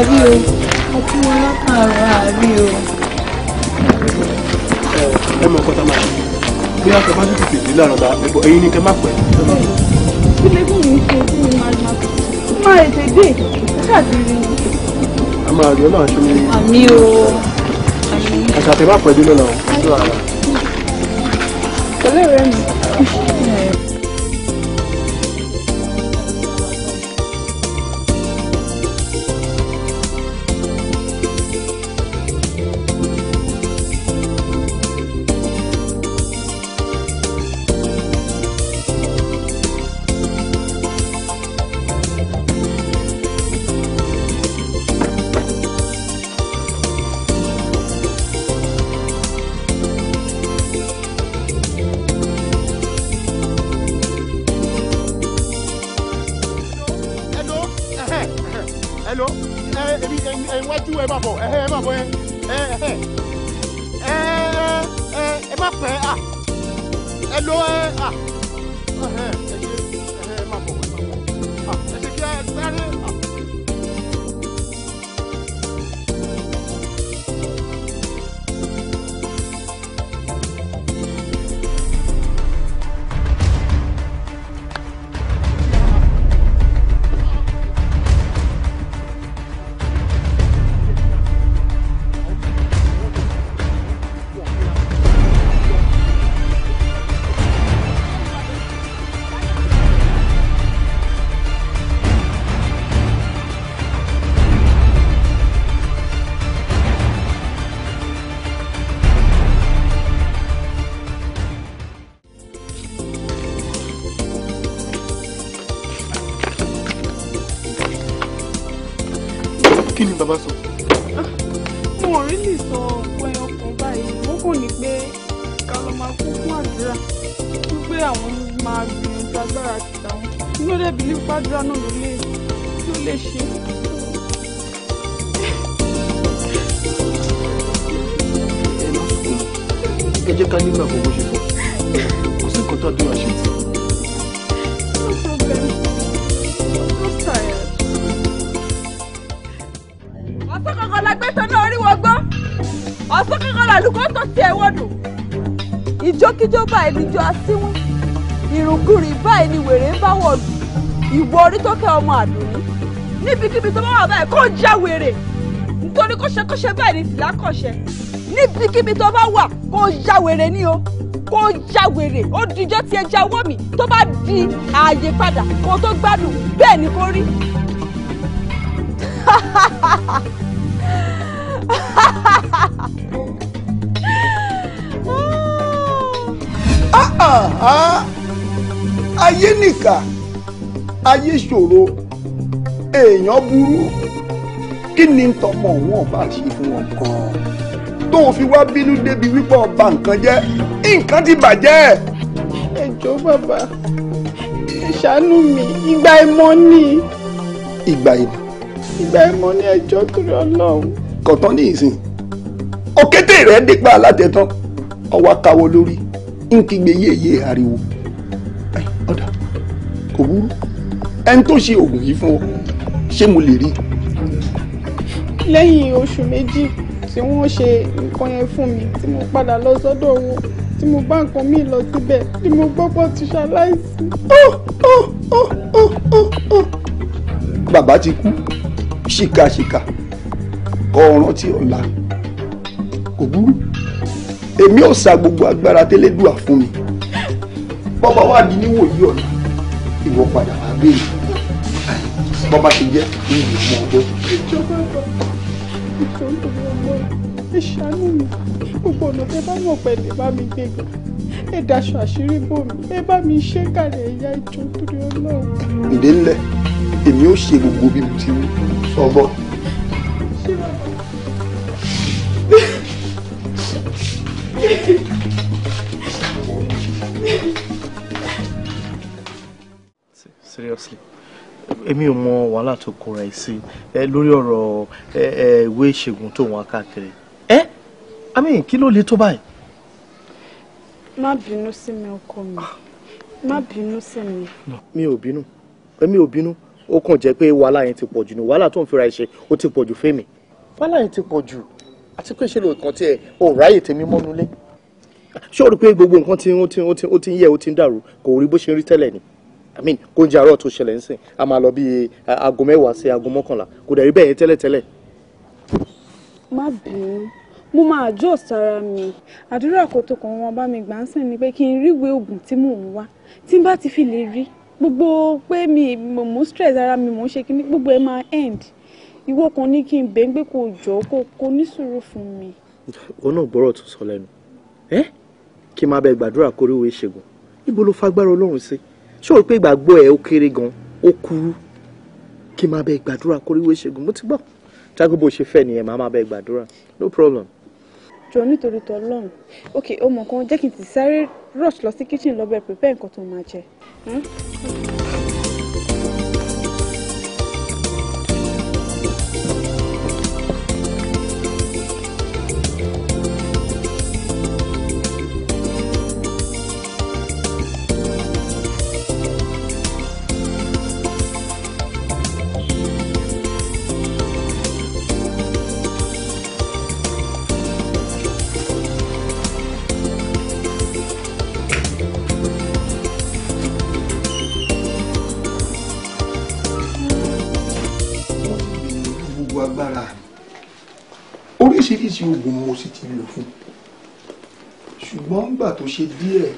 àárí o àti wọn látàárọ̀ àárí o. ẹ mọ ọkọ tá a máa ṣe bí a kò bá tètè dé láàárọ̀ la ẹ̀bọ̀ ẹ̀yin ni kẹ́ má pẹ́. ilé bí mi ṣe fún mi máa ma máa ètè dé káàkiri. a máa rí ọ náà ṣe ní. àmì o àmì. àṣà tẹ bá pẹ́ dé lọ́la o. pẹ̀lú ọ̀rẹ́ mi. ìjókíjó báyìí níjọ asínwín ìrùnkùrìn báyìí ni wèrè ń bá wọ̀ lù ìwọ orí tó kẹ́ ọmọ àdùnní níbikíbi tó bá wà báyìí kó já wèrè nítorí kọ́ṣẹ́kọ́ṣẹ́ báyìí ní fìlà kọ̀ṣẹ́ níbikíbi tó bá wà kó já wèrè ní o kó já wèrè ó dijọ́ tí ẹ jáwọ́ mi tó bá di ààyè padà kó tó gbádùn bẹ́ẹ̀ ni kó rí. ha ha ha ha ha ayé nìkà ayé ṣòro èèyàn burú kí ni tọmọ òun ọba ṣe fún wọn gan tó o fi wá bínú débi wípé ọba nǹkan jẹ́ nǹkan ti bàjẹ́. ẹ jọ̀ọ́ bàbá ẹ ṣàánú mi ìgbà ẹ̀mọ́ ni. ìgbà ẹ̀mọ́. ìgbà ẹ̀mọ́ ni ẹjọ́ torí Ọlọ́run. kọ̀tán ní ìsìn òkété rẹ̀ dípa alátẹ̀tán ọwọ́ akáwọ́ lórí ń kígbe yéèyé ariwo ọ̀dà kò burú ẹni tó ṣe oògùn yìí fún ọ ṣé mo lè rí. lẹ́yìn oṣù méjì tí wọ́n ṣe nǹkan yẹn fún mi tí mo padà lọ sọ́dọ̀ wọn tí mo bá nǹkan míì lọ síbẹ̀ tí mo gbọ́pọ̀ ti ṣaláìsí. bàbá ti kú ṣìkàṣìkà ọ̀ràn ti ọ̀la kò burú èmi ò sa gbogbo agbára tẹ́lẹ́dùà fún mi bọ́bá wà ní níwòyí ọ̀la ìwọ padà wá béèrè bọ́bá ti jẹ́ ìlú mọ́ ọjọ́. ìjọba bá ìjọba ọmọ ẹ ṣàánú mi gbogbo ọ̀nà tẹ bá mọ̀ pẹ̀lú bá mi gbẹ̀gbẹ̀ ẹ daṣọ àṣírí bò mí ẹ bá mi ṣe kàlẹ̀ ẹ̀yà ìjọ torí ọlọ́run. èmi ò ṣe gbogbo bí mo ti rí sọ́gbọ́n. ṣé bàbá seriously èmi ò wala to tó kóra ẹ sí ẹ lórí ọ̀rọ̀ ìwé ìṣègùn tó wọn káàkiri ẹ àmì kí ló le tó báyìí. má bínú sí mi ọkọ mi ah. má bínú sí mi. mi ò bínú èmi ò bínú ó kàn jẹ́ pé wàhálà yẹn ti pọ̀ jù ní wàhálà tó ń fira ẹ ṣe ti pọ̀ jù fẹ́mi wàhálà yẹn ti pọ̀ àti pé ṣe lò kàn tiẹ̀ ò ráyè tèmi mọ́nulé ṣé o rí pé gbogbo nǹkan tí ó ti ń yẹ ó ti ń dàrú kò rí bó ṣe rí tẹ́lẹ̀ ni i mean kó ń jẹ àárọ̀ tó ṣẹlẹ̀ ń sìn a máa lọ bíi aago mẹ́wàá sí aago mọ́kànlá kò dẹ̀ rí bẹ́ẹ̀ yẹn tẹ́lẹ̀ tẹ́lẹ̀. má bínú mo máa adjust ara mi àdúrà kò tó kàn wọn bá mi gbà ń sìn ni pé kí n rí oògùn tí mò ń wá tí n bá ti fi lè rí gbogbo pé mi mo stress ara mi mo ń ṣe kí gbogbo ẹ máa end ìwọ kan ní kí n bẹ̀ ń gbé kó jọ kó kó ní sùúrù fún mi. òun náà gbọ́rọ̀ tó sọ lẹ́nu ẹ́ kí n máa bẹ gbàdúrà koríwo ìṣègùn níbo ló fagbára ọlọ́run sí ṣé o pé ìgbàgbọ́ ẹ ó kéré gan ó kúrú kí n máa bẹ gbàdúrà koríwo ìṣègùn mo ti gbọ́ jágbó bó ṣe fẹ́ nìyẹn màá máa bẹ gbàdúrà no problem. jọ nítorí tọ lọrun ok ọmọ kan jẹ́ kí n ti sáré rush lọ sí kitchen lọ bẹ prepare nǹkan tó máa jẹ. Hmm? oríṣiríṣi oògùn mo sì ti lò fún ṣùgbọ́n nígbà tó ṣe díẹ̀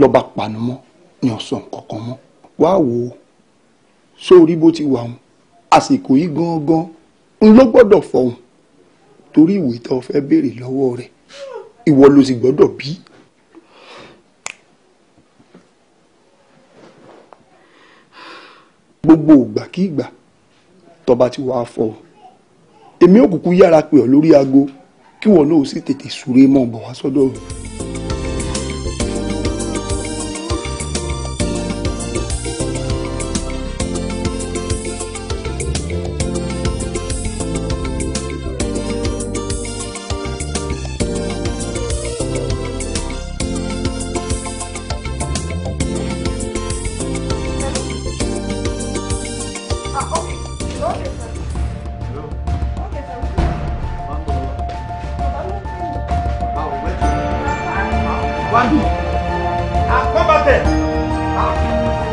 lọ́ba panu mọ́ ni ọ̀sán kankan mọ́ wá wò ó sórí bó ti wà wọn àsìkò yìí gangan ń ló gbọ́dọ̀ fọhùn torí ìwé tó fẹ́ béèrè lọ́wọ́ rẹ̀ ìwọ ló sì gbọ́dọ̀ bí. gbogbo ìgbàkígbà tọba ti wàá fọhùn èmi òkùnkùn yára pè ọ́ lórí aago kí wọn náà sì tètè súré mọ́ bọ̀ wá sọ́dọ̀ rẹ̀.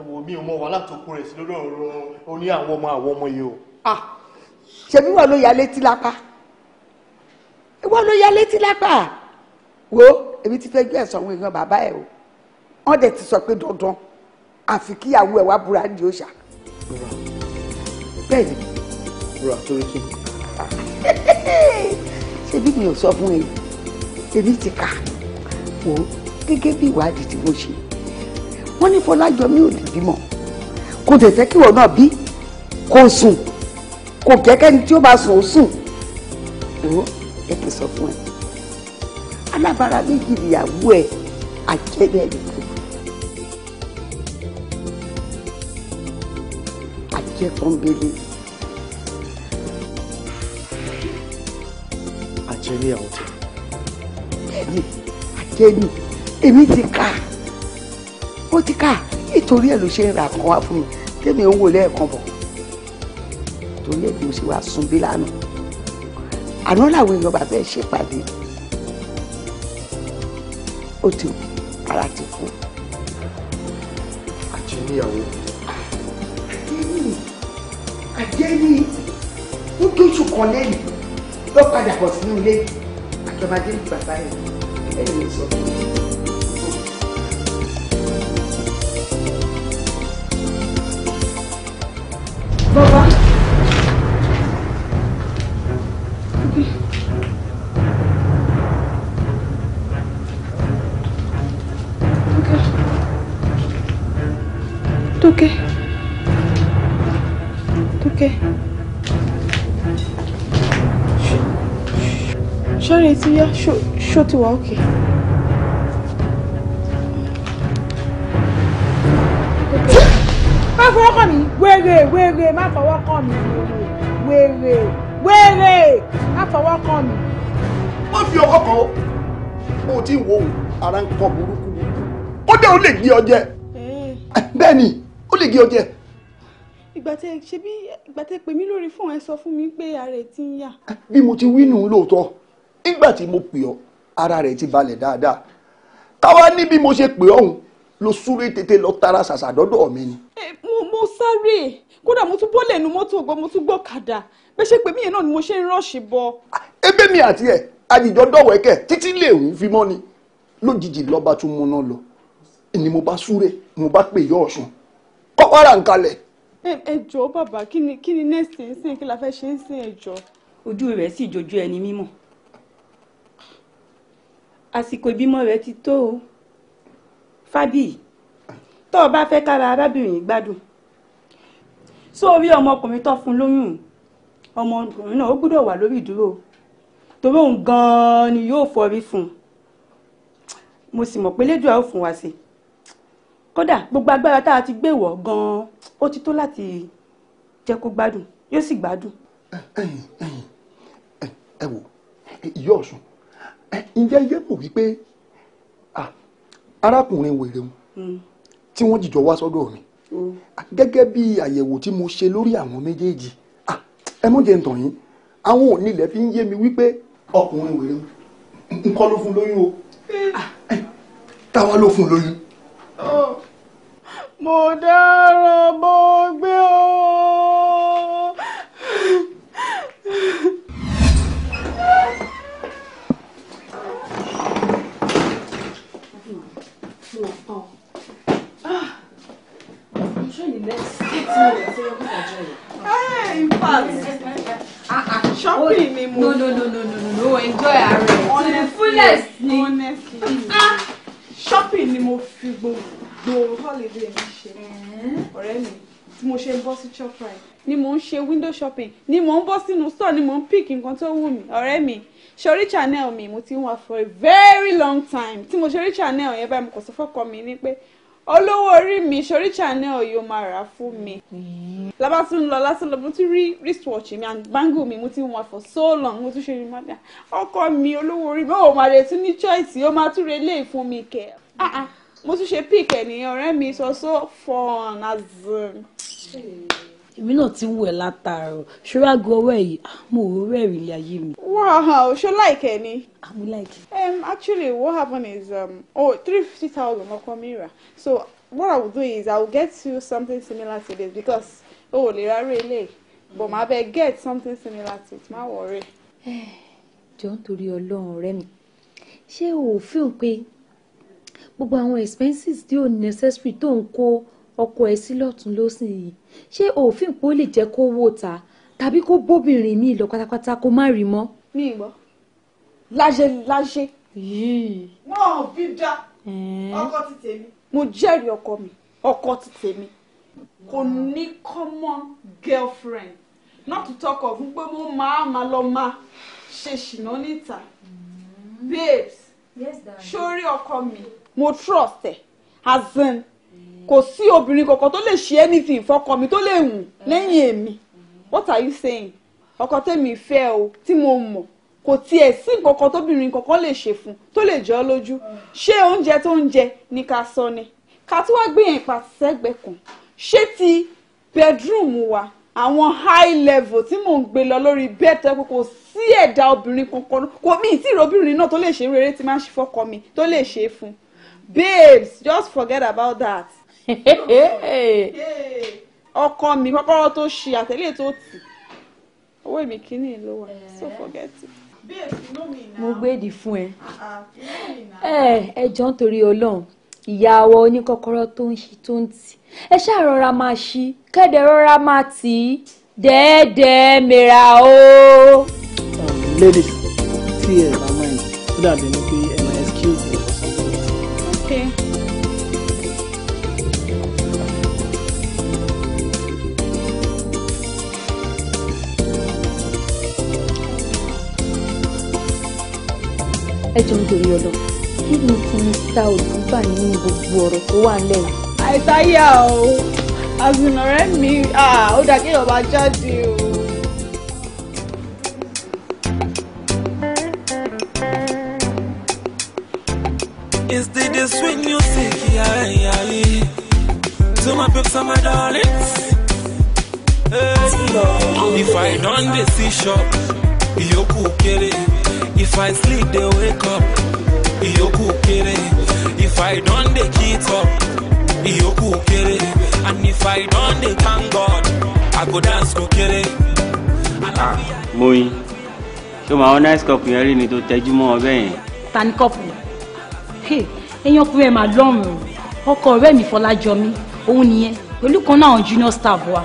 ẹ̀wọ̀n mi ò mọ wàhálà tó kún rẹ̀ sí lórí ọ̀rọ̀ oní àwọn ọmọ àwọn ọmọ yìí o. à ah, ṣèmi wà ló ya létí lápá ìwọ ló ya létí lápá wo èmi ti fẹ́ gbé ẹ̀sọ́ àwọn èèyàn bàbá ẹ̀ o wọ́n dẹ̀ ti sọ pé dandan àfi kíyàwó ẹ̀ wá búra ní òòṣà. bẹ́ẹ̀ ni rà torí kí ni. ṣebí mi ò sọ fún ẹ èmi ti kà wò ó gẹ́gẹ́ bí ìwádìí tí mo ṣe wọ́n ní Fọlájọmí ò lè bímọ kò tẹ̀ fẹ́ kíwọ náà bí kò sùn kò kẹ́kẹ́ni tí ó bá sùn ó sùn ìwọ ẹ ti sọ fún ẹ alábàárà méjì ìyàwó ẹ àjẹbẹ nìkan àjẹpọnbele. àjẹ ní àwọn tẹ. bẹ́ẹ̀ni àjẹ ni èmi ti kà á ó ti ká nítorí ẹ̀ ló ṣe ń ra kan wá fún mi kémi ò wò lẹ́ẹ̀kan bọ̀ torí ẹ̀ bí mo ṣe wá sun bí lánàá àná làwọn èèyàn bàbá ẹ̀ ṣèpàdé ó ti ara ti fún. àti níyàwó. àjẹ́ ni ó dóṣù kan lẹ́yìn ló padà bọ̀ sínú ilé àjọmọdé bàbá ẹ̀ ẹ̀ ló sọ fún mi. ti yá ṣó ti wà ókè. má fọwọ́ kàn mí wéré wéré má fọwọ́ kàn mí wéré wéré má fọwọ́ kàn mí. má fi ọkọ kan o ò tí ì wo ara ń kọ burúkú kódà ó lè gé ọ jẹ eh. Eh, bẹ́ẹ̀ ni ó lè gé ọ jẹ ìgbà tẹ ṣe bí ìgbà tẹ pè mí lórí fóònù ẹ sọ fún mi pé ara ẹ ti ń yà. bí mo ti wí nù lóòótọ́ nígbà tí mo pè ọ́ ara rẹ̀ ti balẹ̀ dáadáa káwa ní bí mo ṣe pè ọ́hún ló súré tètè lọ tara ṣàṣà dọ́dọ̀ mi ni. mo mo sáré kódà mo tún bọ́ lẹ́nu mọ́tò ọgbọ́n mo tún gbọ́kadà bẹ́ẹ̀ ṣe pé yẹn náà ni mo ṣe ń rọ́ọ̀ṣì bọ̀. ebe mi àti ẹ àjìjọ dọ̀wẹ́kẹ̀ títí lè ń fi mọ́ ni lójijì lọ́ba tún múná lọ ni mo bá súré mo bá pè yọ ọ̀sùn kọ́ wàrà ń kalẹ̀. ẹ ẹ jọ bàbá kí ni kí ni nẹ́ẹ̀sì ń sìn kí la fẹ́ ṣe ń sìn ẹ jọ. ojú rẹ̀ sì jojú ẹni mímọ́ àsìkò ìbímọ rẹ ti tó o fábì tó o bá fẹ́ kára arábìnrin gbádùn sórí ọmọkùnrin tó fún lóyún ọmọkùnrin náà ó gbọ́dọ̀ wà lórí ìdúró torí òun gan-an ni yóò fọrí fún un mo sì mọ̀ pé lẹ́dùá ò fún wa sí kódà gbogbo agbára tá a ti gbé wọ̀ gan-an ó ti tó láti jẹ́ kó gbádùn yóò sì gbádùn. ẹ wò ìyá ọ̀sùn ǹjẹ́ ilé mọ̀ wípé arákùnrin wèrè wọn hmm. tí wọ́n jìjọ wá sọ́dọ̀ mi hmm. gẹ́gẹ́ bí àyẹ̀wò tí mo ṣe lórí àwọn méjèèjì ẹ mọ̀ jẹ́ ntàn yín àwọn ò nílẹ̀ fi ń yé mi wípé ọkùnrin wèrè wọn nǹkan ló fún lóyún o táwa ló fún lóyún. Oh, mo dáràn bó gbé o. lẹ́yìn eh, in fact ah, ah, shopping ni mo. no no no no no no enjoy ara ẹ to the fullest ni. shopping ni mo fi gbogbo holiday mi ṣe mm-hmm. ọ̀rẹ́ mi tí mo ṣe ń bọ́ sí shoprite ni mo ń ṣe window shopping ni mo ń bọ́ sínú store ni mo ń pick nǹkan tó wù mí ọ̀rẹ́ mi ṣorí channel mi mo ti ń wà for a very long time tí mo ṣorí channel yẹn báyìí mo kàn sọ fọ́kọ mi ni pé olówó orí mi sori channel yóò máa rà fún mi lábá tún ń lọ lásán lọ mo tún rí wristwatch mi and bangle mi mo ti wọn for so long mo tún ṣe ní mọ́tà ọkọ mi olówó orí mi ò máa lè tún ní choice ó máa tún relé fún mi kẹ ah, ah, mo tún ṣe pick ẹ̀ nìyẹn ọ̀rẹ́ mi sọ so fun as. Um, èmi náà ti ń wẹ̀ látàárọ̀ ṣọ́ra gan ọwọ́ yìí ah, mo ò rẹ̀ rí ilé ayé mi. wow ṣó láìkẹ́ ni. àmú ah, láìkẹ́. um actually what happened is um, oh three fifty thousand ọkọ mi rà so what i will do is i will get you something similar to this because o ò lè rárá ilé but màá bẹ get something similar to it má worry. jọ nítorí ọlọ́run ọ̀rẹ́ mi ṣé o ò fíò pé gbogbo àwọn expenses tí ò necessary tó ń kó ọkọ ẹ sí lọ́tún lọ́sìn yìí ṣé òfin pò lè jẹ́ kó wò ta tàbí kó bóbìnrin mi lọ pátápátá kó má rí mọ́. mi ì gbọ́ láṣẹ láṣẹ. yìí. wọn ò bí dá ọkọ ti tèmi. mo jẹ́rìí ọkọ mi ọkọ ti tèmi. kò ní common girlfriend not to talk of pé mo máa máa lọ máa ṣe ṣìnà níta. Mm-hmm. babes yes, sórí ọkọ mi mo trust ẹ as in kò sí obìnrin kankan tó lè ṣe anything fọkọ mi tó lè wù lẹ́yìn èmi what are you saying ọkọ tèmi fẹ́ o tí mo mọ̀ kò tiẹ̀ sí nǹkan kan tóbìnrin kankan lè ṣe fún tó lè jọ ọ́ lójú ṣé oúnjẹ tó ń jẹ ni ká sọ ni ká tó wá gbìyànjú pàṣẹgbẹ́ kan ṣé ti bedroom wa àwọn high level tí mò ń gbé lọ lórí bed tó kò sí ẹ̀dá obìnrin kankan kò mí tí ìrobìnrin náà tó lè ṣe rere tí máa ń ṣe fọ́kọ mi tó lè ṣe fún babes just forget about that ọkọ mi kọ́kọ́rọ́ tó ṣe àtẹ̀lé tó tì owó èmi kìíní ló wà so forget it. mo gbéèdì fún ẹ ah, ẹ jọ ń torí Ọlọ́run ìyá wa oníkọ́kọ́rọ́ tó ń ṣí tó ń tì ẹ ṣáà rọra máa ṣí kéde rọra máa tì í dẹ́ẹ̀dẹ́ẹ̀ mìíràn o. lady tí ẹ bá mọ̀ ẹ́ ó dàbí ní ẹ jọ ń torí ọlọ kí ni kí mr olùkúgbà nínú gbogbo ọ̀rọ̀ tó wà ńlẹ̀ yìí. àìsáyà o àzùnọ̀rẹ́ mi ó dà kí ọba jáde o. It's the, the sweet music, yeah, yeah, yeah. To my peeps and my darlings. Hey, if I don't, they see shop. Ìyókù okay if i sleep they wake up iyoku kere. if i don't they kit up iyoku kere. and if i don't they thank god i go dance kò kéré. moyin ṣé màá wọn nice cup yẹn rí ni tó tẹjú mọ́ ọ bẹ́ẹ̀ yẹn. ta ni kọ́pù èèyàn kúrẹ́ máa lọ́rùn ọkọ ọ̀rẹ́ mi fọlájọmí òun nìyẹn pẹ̀lú kan náà junior staff wa.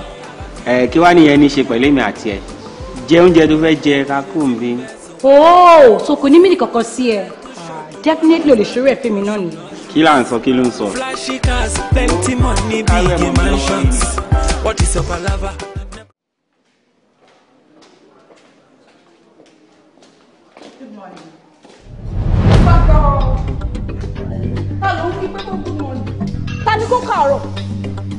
ẹ kí wàá nìyẹn ní í ṣe pẹ̀lú èmi àti ẹ jẹ oúnjẹ tó fẹ́ oh so kò ní mílì kankan sí ẹ definitely o lè ṣòro ẹ fún mi náà nìyẹn. kí là ń sọ kí ló ń sọ. flashy cars plenty money big mansions what is your palava. Good morning. Ta ló ń kí pé kó good morning? Ta ni kó kàárọ̀?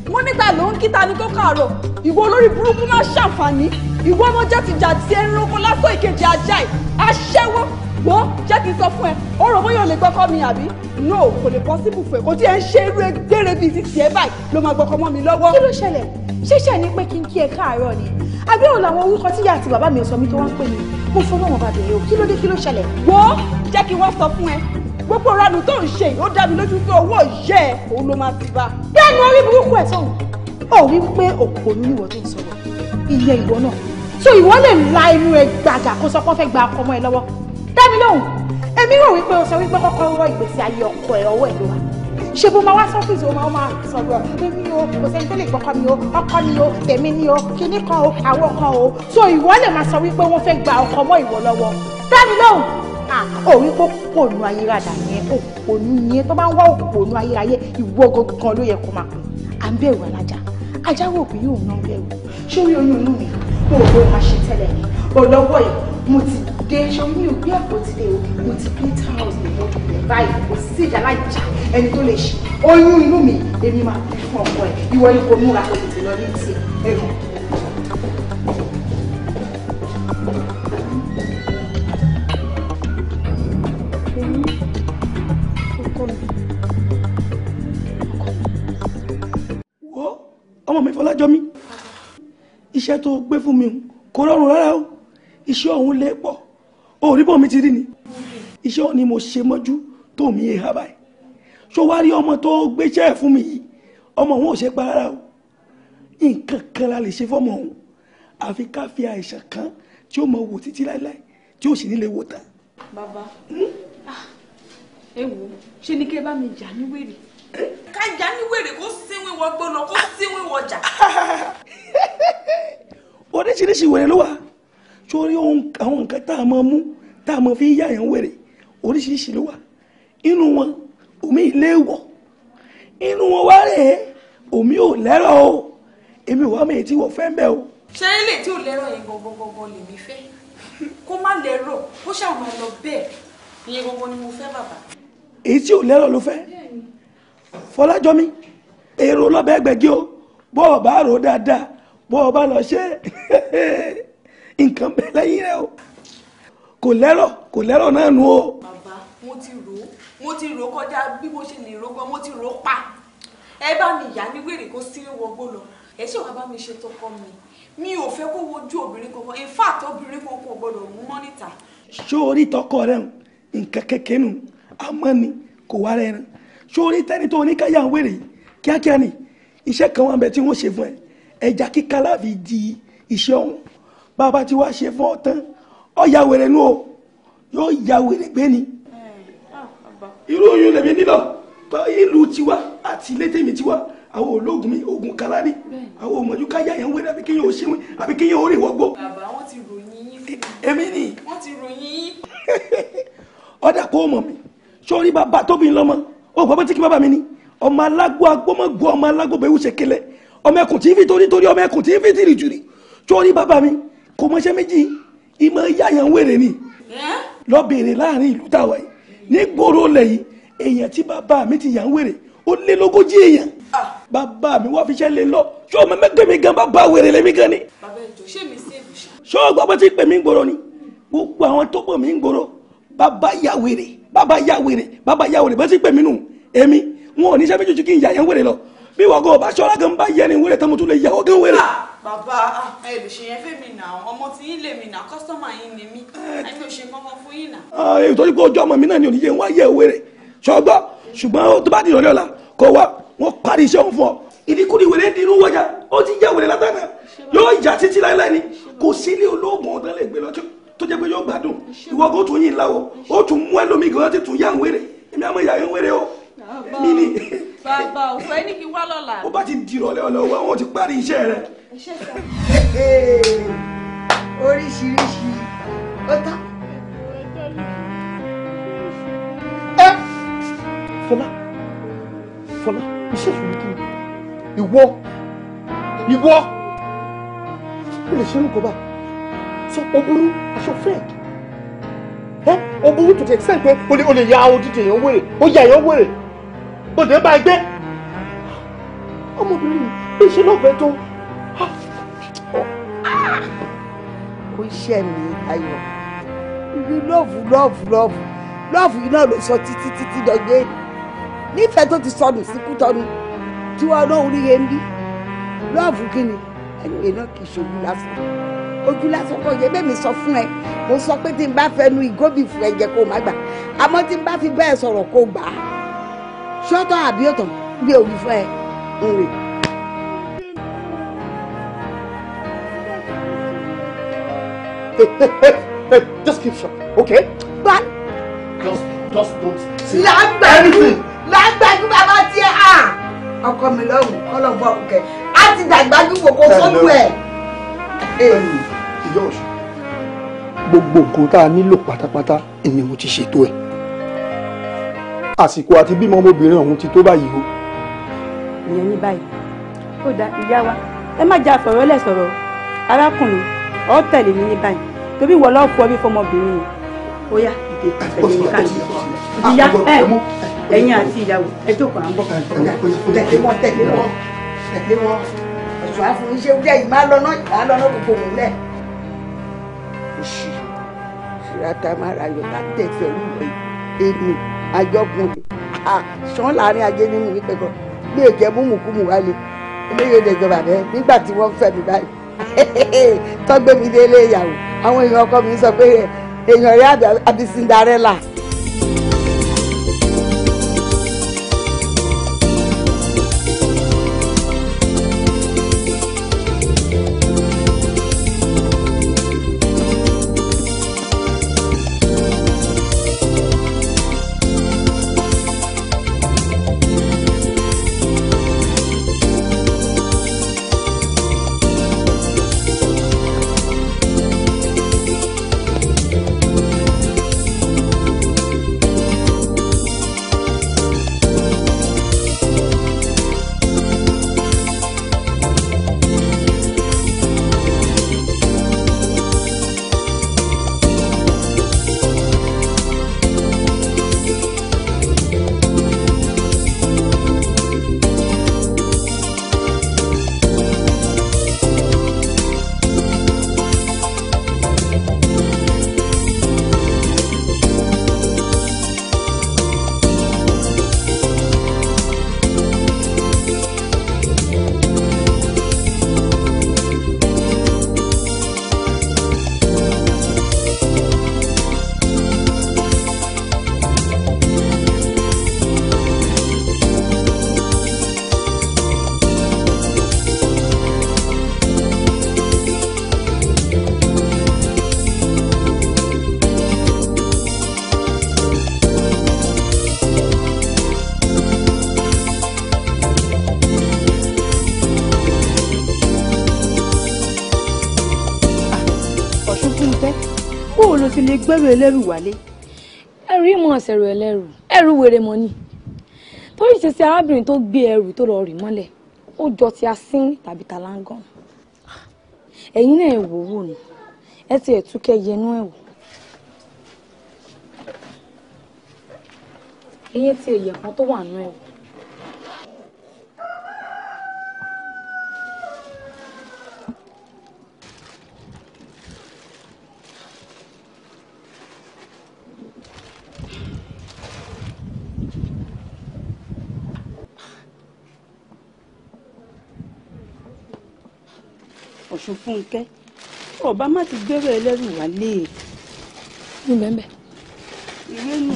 Wọ́n níta ló ń kí ta ni kó kàárọ̀? Ìwọ olórí burúkú máa ṣàǹfààní ìwọ ọmọ jàtìjà tí ẹranko lásán ìkejì ajá ẹ aṣẹ́wó wo jẹ́ kí n sọ fún ẹ ó rò bóyá ò lè gbọ́kọ́ mi àbí no kò lè possible fún ẹ kò tí ẹ ń ṣe eré gbére bíi ti tiẹ̀ báyìí ló máa gbọ́kọ́ mọ́ mi lọ́wọ́. kí ló ṣẹlẹ̀ ṣíṣe ni pé kí n kí ẹ káàárọ̀ ni àbí òun làwọn orúkọ tíyà àti bàbá mi sọ mi tó wá ń pè mí mo fọwọ́ wọn bàbá rẹ o kí ló dé kí ló ṣẹlẹ̀. wo jẹ́ kí wọ́n sọ fún ẹ gbogbo ranù tó ń ṣe ó dá lójú pé owó yẹ ẹ òun ló máa fi bá. bẹ́ẹ̀ ni orí burúkú ẹ̀ sọ̀rọ̀ ó rí pé òkò ní ìwọ tó ń sọ̀rọ̀ ìyẹn ìwọ náà so ìwọ lè la inú ẹ gbàgà kó sọ pé wọ́n fẹ́ gba ọkọ ọmọ ẹ lọ́wọ́ dábì lóhùn èmi rò wípé o sọ wípé kọ́kọ́ wọ ìgbésí ayé ọkọ ẹ ọwọ́ ẹ ló wà ṣe bó máa wá sọ́fíìsì o máa máa sọ̀rọ̀ èmi o kò sẹ́ni tó lè gbọ́kọ́ mi o ọkọ mi o tèmi ni o kinní kan o àwọn kan o so ìwọ lè máa sọ wípé wọ́n fẹ́ gba ọkọ mọ́ ìwọ lọ́wọ́ dábì lóhùn òun kò pònú ayérada yẹn òpònú yẹn tó bá ń wá òpònú ayérayé ìwọ gangan ló yẹ kó máa pè à ń bẹ̀rù alájà ajáwó òbí yóò ná bẹ̀rù ṣé orí oyún inú mi mo ò bó máa ṣe tẹ́lẹ̀ ní ọlọ́wọ́ yìí mo ti dé ṣọmí mi ò gbé àpótí dé o mo ti gbé táwọn mi mo lè báyìí kò sí ìjà láìjà ẹni tó lè ṣe oyún inú mi èmi máa fi fún ọkọ ẹ ìwọ ni kò múra kò tètè lọ ní tiẹ̀ ẹ̀gbọ́n. iṣẹ́ tó gbé fún mi kò rọrùn rárá o iṣẹ́ ọ̀hún lè pọ̀ òrìbọ̀ mi ti rí ni iṣẹ́ ọ̀hún ni mo ṣe mọ́jú tó mi yé ha báyìí ṣó wá rí ọmọ tó gbéṣẹ́ ẹ̀ fún mi yìí ọmọ òun ò ṣe pa rárá o nǹkan kan la lè ṣe fọ́mọ òun àfi ká fi àìsàn kan tí ó mọ wò títí láéláé tí ó sì ní lè wò tán. bàbá hmm? ah, ẹ wo ṣe ni kí ẹ bá mi jà ní wèrè. Hmm? ká jà ní wèrè kó síwìn wọgbọ́n lọ kó síwìn wọjà. oríṣiríṣi wèrè ló wà sórí àwọn nǹkan tá a máa mú tá a máa fi yá yẹn wèrè oríṣiríṣi ló wà inú wọn omi ilé wọ inú wọn wá rè é omi ò lẹ́rọ̀ o èmi ò wá mi ti wọ̀ fẹ́ mbẹ́ o. ṣé ilé tí ò lẹ́rọ̀ yẹn gbọ̀ngbọ̀ngbọ̀n lèmi fẹ́ kó má lẹ́rọ̀ kó ṣàwọn ẹ̀ lọ bẹ́ẹ̀ ìyẹn gbọ̀ngbọ̀n ni mo fẹ́ bàbá. èyí tí ò lẹ́rọ̀ ló fẹ́ Fọlájọmí èrò lọ́bẹ̀ẹ́gbẹ̀gí o bọ́ọ̀ bá rò ó dáadáa bó o bá lọ ṣe nǹkan bẹ́ẹ̀ lẹ́yìn rẹ o kò lẹ́rọ̀ kò lẹ́rọ̀ náà nu o. bàbá mo ti rò ó mo ti rò ó kọjá bí mo ṣe lè rò gan mo ti rò ó pa ẹ bá mi yá ní wèrè kó sí wọgbó lọ ẹ ṣe wàá bá mi ṣe tọkọ mi mi ò fẹ́ kó wojú obìnrin kankan in fact obìnrin kankan kò gbọdọ̀ mú mọ́ níta. sórí tọkọ rẹ nǹkan kékeré nù àmọ́ ni kò wá rẹ rẹ sórí tẹni tó oníkàyà wèrè kíákíá ni iṣẹ́ kan wà bẹ tí wọ́n ṣe fún ẹ ẹja kíká láfi di iṣẹ́ ọ̀hún bàbá tí wàá ṣe fún tán ọ ya wèrè nù o yóò ya wèrè gbé ni irú oyún lèmi nílò bá ìlú tiwa àti ilé tèmi tiwa àwọn ológun mi ogun kalari àwọn ọmọdé káyà yẹn wẹrẹ àbí kéèyàn ò ṣe wọn àbí kéèyàn ò rè wọgbó. bàbá wọn ti ròyìn yín. èmi ni. wọn ti ròyìn yín. ọ̀dà kó o mọ̀ mi sọ́ọ́rí bàbá tóbi ńlọmọ o bàbá tí kí bàbá mi ni ọmọ alágbó agbọ́mọ̀gbọ́ ọmọ alágbó bẹ́ẹ̀ wù ṣe kélé ọmọ ẹkùn tí ń fi torí torí ọmọ ẹkùn tí ń fi tìrì jùrì torí bàbá mi kò mọṣẹ́ méjì ìmọ̀ yáyàn wèrè ni lọ bèrè láàrin ìlú tàwa yìí nígboro lẹ́yìn èèyàn tí bàbá mi ti yàn wèrè ó lé lógójì èèyàn ah. bàbá mi wá fiṣẹ́ lé lọ ṣé o mẹ́mẹ́gbẹ́ mi gan bàbá wèrè lẹ́mí gan ni. bàbá ìjọ ṣé mi sí ìbùsà. ṣé o gbọ́ pé tí pè mí ń gbòòrò ni gbogbo àwọn tó pè mí ń gbòòrò bàbá ya wèrè bàbá ya wèrè bàbá ya wèrè bẹ́ẹ̀ tí pè mí nù èmi wọn ò ní sẹ́mi jùjú kí n yà yẹn wèrè lọ bí wọ́n kò bá ṣọ́ra gan bá yẹ ni wẹ́rẹ́ tán mo tún lè yàwó gan wẹ́rẹ́. bàbá ẹ lè ṣe yẹn fẹ́mi nà ọmọ tí yín lèmi nà kọ́sọ́mà yín ni mí ẹni ò ṣe kankan fún yín nà. Ah, èyí tó ti pé ojú ọmọ mi náà ni òní yẹn wá yẹ wẹ́rẹ́ ṣọgbọ́ ṣùgbọ́n tó bá di ìrọ̀lẹ́ ọ̀la kó wá wọ́n parí iṣẹ́ òun fún ọ ìdíkùnrin wẹ̀rẹ́ dirú wọ́jà ó ti jẹ́ wẹ̀rẹ́ látàná yóò jà títí láéláé ni kò sí ilé olóògùn ọ̀dọ́ lè gbé lọ́jọ́ tó jẹ́ pé yóò gbádùn ìwọ́gùn ó tún yín láwọ̀ ó tún mú ẹlòmíì gan-an ti tún yá ń wẹ̀rẹ̀ èmi àmọ́ ìyá yẹn ń wẹ̀rẹ̀ o mi ni. bàbá òfò ẹni kí wá lọ́la. ó bá ti dìrọ̀lẹ́ ọ̀lẹ́ wọn ti parí iṣẹ́ rẹ. oríṣiríṣi ó tán. ẹ fọlá fọlá iṣẹ́ ìṣòro kí ni ìwọ ìwọ ó lè ṣe é sọ o aṣọ fẹ́ẹ̀ ó burú tó ti ẹ̀ sẹ́ǹpẹ́ o lè ya odidi èèyàn wèrè ó ya èèyàn wèrè mo dé bá gbé ọmọbìnrin bí ṣe lọ́fẹ̀ẹ́ tó. ó ṣe mi ayọ̀ ibi lọ́ọ̀fù lọ́ọ̀fù lọ́ọ̀fù lọ́ọ̀fù yìí náà ló sọ títí títí dọ̀gbẹ́ nífẹ̀ẹ́ tó ti sọnù síkú tọ́nu tí wọ́n náà rí yẹn bí lọ́ọ̀fù kí ni ẹnu yẹn náà kì í ṣojú lásán ojú lásán kọ́ yẹ bẹ́ẹ̀ mi sọ fún ẹ mo sọ pé tí n bá fẹ́ nu ìgóbì fún ẹ̀jẹ̀ kó má gbà àmọ́ tí n bá fi bẹ́ẹ̀ sọ̀rọ̀ kó gbà á sọ́tọ̀ àbí bí òbí fẹ́ just keep shop, okay. but just just don't say anything. lágbàjú bàbá tiẹ̀ à ọkọ mi lọ́hùn kọ́lọ́gbọ́ ọ̀kẹ́ á ti dàgbàjú kòkó sọ́dún ẹ̀. ìyá ọ̀sùn gbogbo nǹkan tá a nílò pátápátá ni mo ti ṣètò ẹ̀ àsìkò àti bímọ ọmọbìnrin ọ̀hún ti tó báyìí o. ìyẹn ní báyìí ó da ìyá wa ẹ má jà fọ̀rọ̀ lẹ̀ sọ̀rọ̀ arákùnrin ọ̀ tẹ̀lé mi ní báyìí torí ìwọ lọ́ọ́ fọ bí fọmọbìnrin yìí ó yá ìdè tẹ̀lé mi ká yìí ìyá ah, ẹ ẹ̀yin àti ìyàwó ẹ jókòó à ń bọ̀. tẹ̀lé wọn tẹ̀lé wọn tẹ̀lé wọn ọ̀ṣọ́ àfọwọ́ṣe jẹ́ ìmá lọ́nà lọ́nà gbogbo òun lẹ̀. òṣì ṣìràtà àjọkùn sàn láàrin ajé nínú mi pẹ̀kọ́ bí èjẹ múmùkúmù wá le eléyìí ò lè jọba nígbà tí wọ́n fẹ́ mi báyìí tọ́gbẹ́mi délé àwọn èèyàn ọkọ mi sọ pé èèyàn lè gbẹ́rù ẹlẹ́rù wálé. ẹrù yìí mọ̀ ọ̀sẹ̀ rù ẹlẹ́rù ẹrù wèrè mọ́ ni torí ìṣesí arábìnrin tó gbé ẹrù tó lọ rì mọ́lẹ̀ ó jọ ti asín tàbí talangan ẹ̀yin náà ẹ̀ wò wò ni ẹ ti ẹ̀ túkẹ́ yẹnú ẹ̀ wò. ẹ̀yin ti ẹ̀yẹ̀kan tó wà nú ẹ̀ wò. ọ̀ṣun fúnkẹ́ ọba má ti gbérò ẹlẹ́rù wálé. mi mẹ́mẹ́. ìwé nù.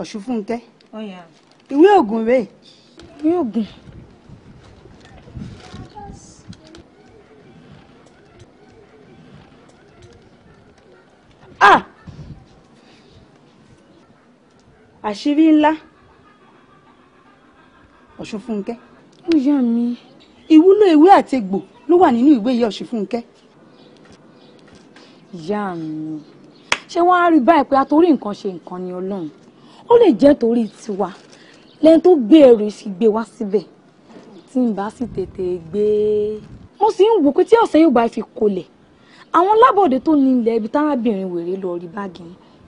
ọ̀ṣun fúnkẹ́. ìwé ògùn rèé. ìwé ògùn. àṣírí ńlá ọ̀ṣunfúnkẹ́. ó yà mí. ìwúlò ewé àti egbò ló wà nínú ìwé yìí ọ̀ṣunfúnkẹ́. ìyá mi ṣé wọ́n á rí báyìí pé atorí nǹkan ṣe nǹkan ni ọlọ́run ó lè jẹ́ torí tiwa lẹ́yìn tó gbé ẹrù sí gbé wá síbẹ̀ tí n bá sì tètè gbé e. mo sì ń wò pé tí ọ̀sẹ̀ yóò bá fi kolẹ̀ àwọn lábọ̀dé tó ní ilẹ̀ ibi tárábìnrin wèrè lọ rí báàgì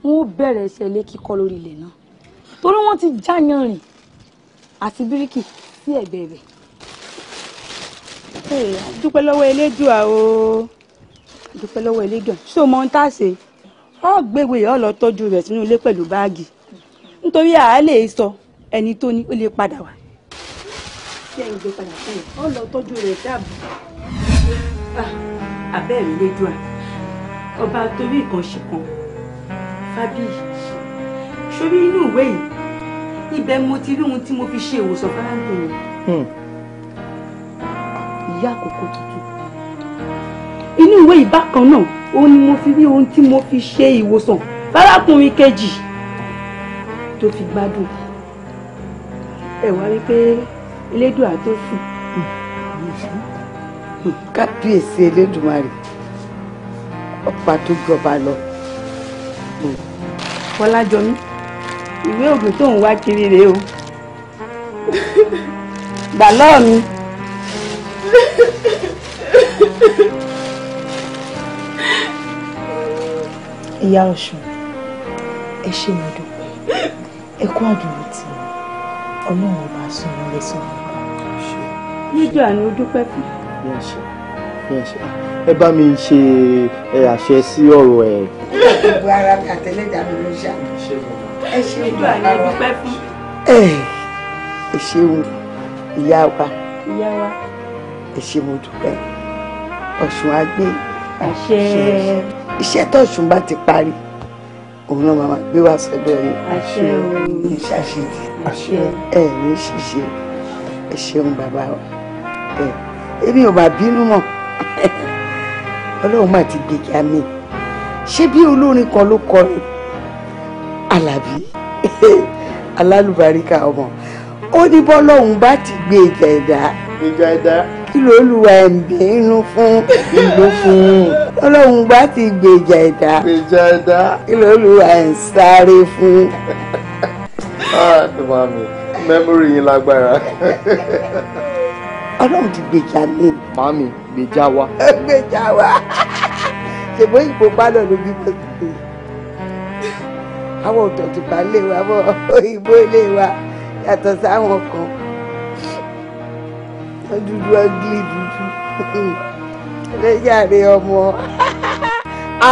wọn ó bẹ̀rẹ̀ iṣẹ́ kíkọ́ lórí ilẹ̀ náà torí wọ́n ti jáyan rìn àti bíríkì sí ẹ̀gbẹ́ rẹ̀. dúpẹ́ lọ́wọ́ elédùà o dúpẹ́ lọ́wọ́ elédùà ṣó mọ ohun tá a ṣe ọ gbégbé ọ lọ tọ́jú rẹ̀ sínú ilé pẹ̀lú báàgì nítorí àá lè sọ ẹni tó ní ó lè padà wá. ṣé ẹ̀yin gbé padà fún mi ọ lọ tọ́jú rẹ̀ dáàbò. Ah, abẹ́ mi lédùà ọba torí ìkànṣe kan fábíyì sórí inú ìwé yìí ibẹ̀ mo ti rí ohun tí mo fi ṣe ìwòsàn fárábìnrin. Hmm. ìyá àkókò tuntun inú ìwé ìbákan náà òun ni mo fi rí ohun tí mo fi ṣe ìwòsàn fárákùnrin kejì tó fi gbádùn ẹ wá rí pé elédùà tó sùn hmm. kábíyèsí elédùmarè ọ̀pá tó jọba lọ. Hmm. Fọlájọmí. Mm ìwé ògùn tó ń wá kiri rèé o gbà lọ́ọ̀ mi. ìyá ọ̀sùn ẹ ṣe mi dúpẹ́ ẹ kú àdúró tì mí ọlọ́run ọba sùn mí lẹ́sùn mi bá. níjọ́ àná o dúpẹ́ fún. ẹ bá mi ṣe àṣẹ sí ọ̀rọ̀ ẹ̀. gbogbo ara mi àtẹlẹ́dàá mi ló ṣàmì ẹ ṣeun ìjọ àyè dúpẹ́ fún. ẹ ẹ ṣeun ìyá wa ìyá wa ẹ ṣe mo dúpẹ́ ọ̀ṣun agbé àṣẹ iṣẹ́ tọ̀ṣun bá ti parí òun náà màmá gbé wá sọ́dọ̀ yìí àṣẹ ní ṣàṣìdì àṣẹ ẹ ní ṣìṣe ẹ ṣeun bàbá wa ẹ èmi ò máa bínú mọ́ ọlọ́run má ti gbèjà mi ṣé bí olórin kan ló kọrin alábí alálùbáríkà ọmọ ó ní bọ́lọ́hún bá ti gbé ìjà ẹ̀dá ìjà ẹ̀dá kí ló lùwà ẹ̀mí inú fún ìlú fún un bọ́lọ́hún bá ti gbé ìjà ẹ̀dá ìjà ẹ̀dá kí ló lùwà ẹ̀ ń sáré fún. Ah, mẹ́mórì yín lágbára. ọlọ́run ti gbèjà mi. mami gbèjà wa. gbèjà wa ṣèbó pálọ̀ lójú tó ti àwọn òtọ̀tùpá lè wa àwọn òyìnbó lè wa yàtọ̀ sáwọn kan dúdú ọgílì dúdú lẹ́yàrá ọmọ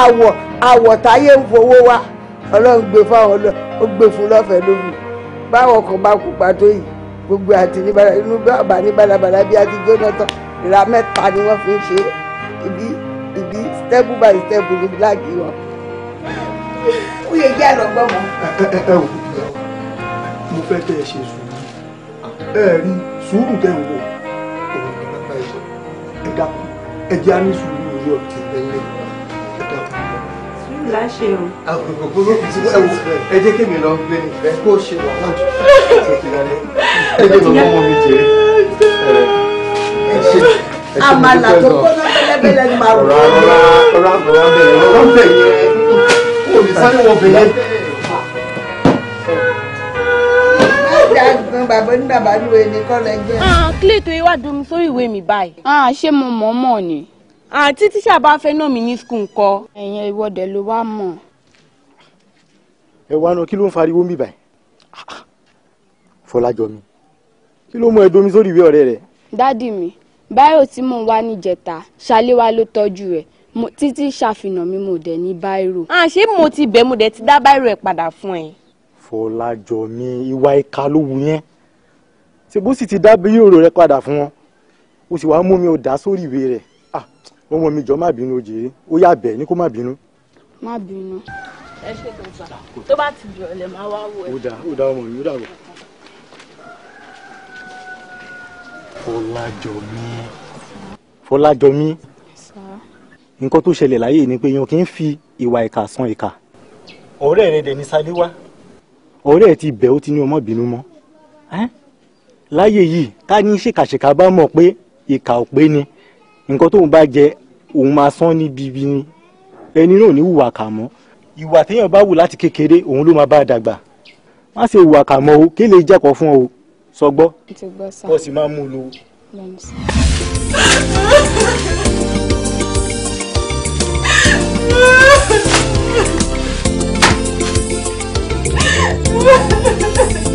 àwọ̀ àwọ̀ táyé ń fowó wá ọlọ́run gbé fáwọn ó gbé fún lọ́fẹ̀ẹ́ lóru báwọn kan bá kú pàtó yìí gbogbo àti inú bàbá ní balabala bí àti Jonathan ìra mẹ́ta ni wọ́n fi ń ṣe ibi ibi step by step ní bíláàgì wọn ó yẹ jẹ́ àlọ́gbọ́mọ. ẹ wò mo fẹ́ kẹ́ ẹ ṣe sùúrù ẹ rí sùúrù tẹ̀ ń wò òun ni bàbá ẹ sọ ẹ dákun ẹ jẹ́ á ní sùúrù orí ọ̀tí lẹ́lẹ́ ẹ dákun. sùúrù la ṣe o. àwọn òkòkò ló fi síbẹ̀ wò ẹ jẹ́ kémi lọ gbé ní ìfẹ́ kó ṣe wà láti ṣe ti lálẹ́ ẹ jẹ́ lọ mọ́ mi jẹ́ ẹ àmàlà tó gbóná bẹ́lẹ́bẹ́lẹ́ ni màá rò. rárá rárá rárá bẹ̀rẹ̀ rárá bẹ̀rẹ̀ sáré wọ bẹ̀rẹ̀. Dágbọ́n bàbá ní bàbá lúwe ni kọ́lẹ̀ jẹ́. Kílè ah, tó wá domi sórí ìwé mi báyìí. Ah, ṣé mo mọ̀ mọ̀ ni? Àǹtí ah, tíṣà bá fẹ́ náà mi ní skul kọ. Ẹ̀yin ìwọ́de ló wá mọ̀. Ẹ wá náà kí ló ń fariwo ń bì báyìí? Fọlájọmi, kí ló mú ẹ domi sórí ìwé ọ̀rẹ́ rẹ? Dádì mi, báyọ̀ tí mò ń wá níjẹta, ṣáléwá ló tọ́jú rẹ̀ títí ṣàfihàn mi mo dẹ̀ ní báírò. àṣé ah, mo ti bẹ̀ mo dẹ̀ ti dá báírò ẹ̀ padà fún ẹ. Fọlájọmí ìwà ìka ló wù yẹn ṣe bó sì ti dá báírò rẹ padà fún wọn o sì wá mú mi ò dá sórí ìwé rẹ ah, ọmọ mi jọ má bínú jèrè ó yà bẹ̀ ní kó má bínú. má bínú. ẹ ṣe tó gbà tó bá ti jọ ẹ máa wá wọ ẹ. ó dá ó dá ọmọ mi ó dà wọ. Fọlájọmí. Fọlájọmí nǹkan tó ṣẹlẹ̀ láyé ni pé yan kì í fi ìwà ìkà san ìkà. ọ̀rẹ́ rẹ̀ dẹ̀ ní sadé wá. ọ̀rẹ́ ẹ̀ ti bẹ̀ ó ti ní ọmọ bínú mọ́. láyé yìí ká ní ṣèkàṣèkà bá mọ̀ pé ìkà ò pé ni nǹkan tóun bá jẹ òun máa san ní bíbí ni ẹni náà ní hùwà kà mọ́. ìwà téèyàn bá wù láti kékeré òun ló máa bá a dàgbà má ṣe hùwà kà mọ́ o kí lè jẹ́kọ̀ọ́ fún ọ sọ gbọ́ kó o máa mú un lò. Ha ha ha!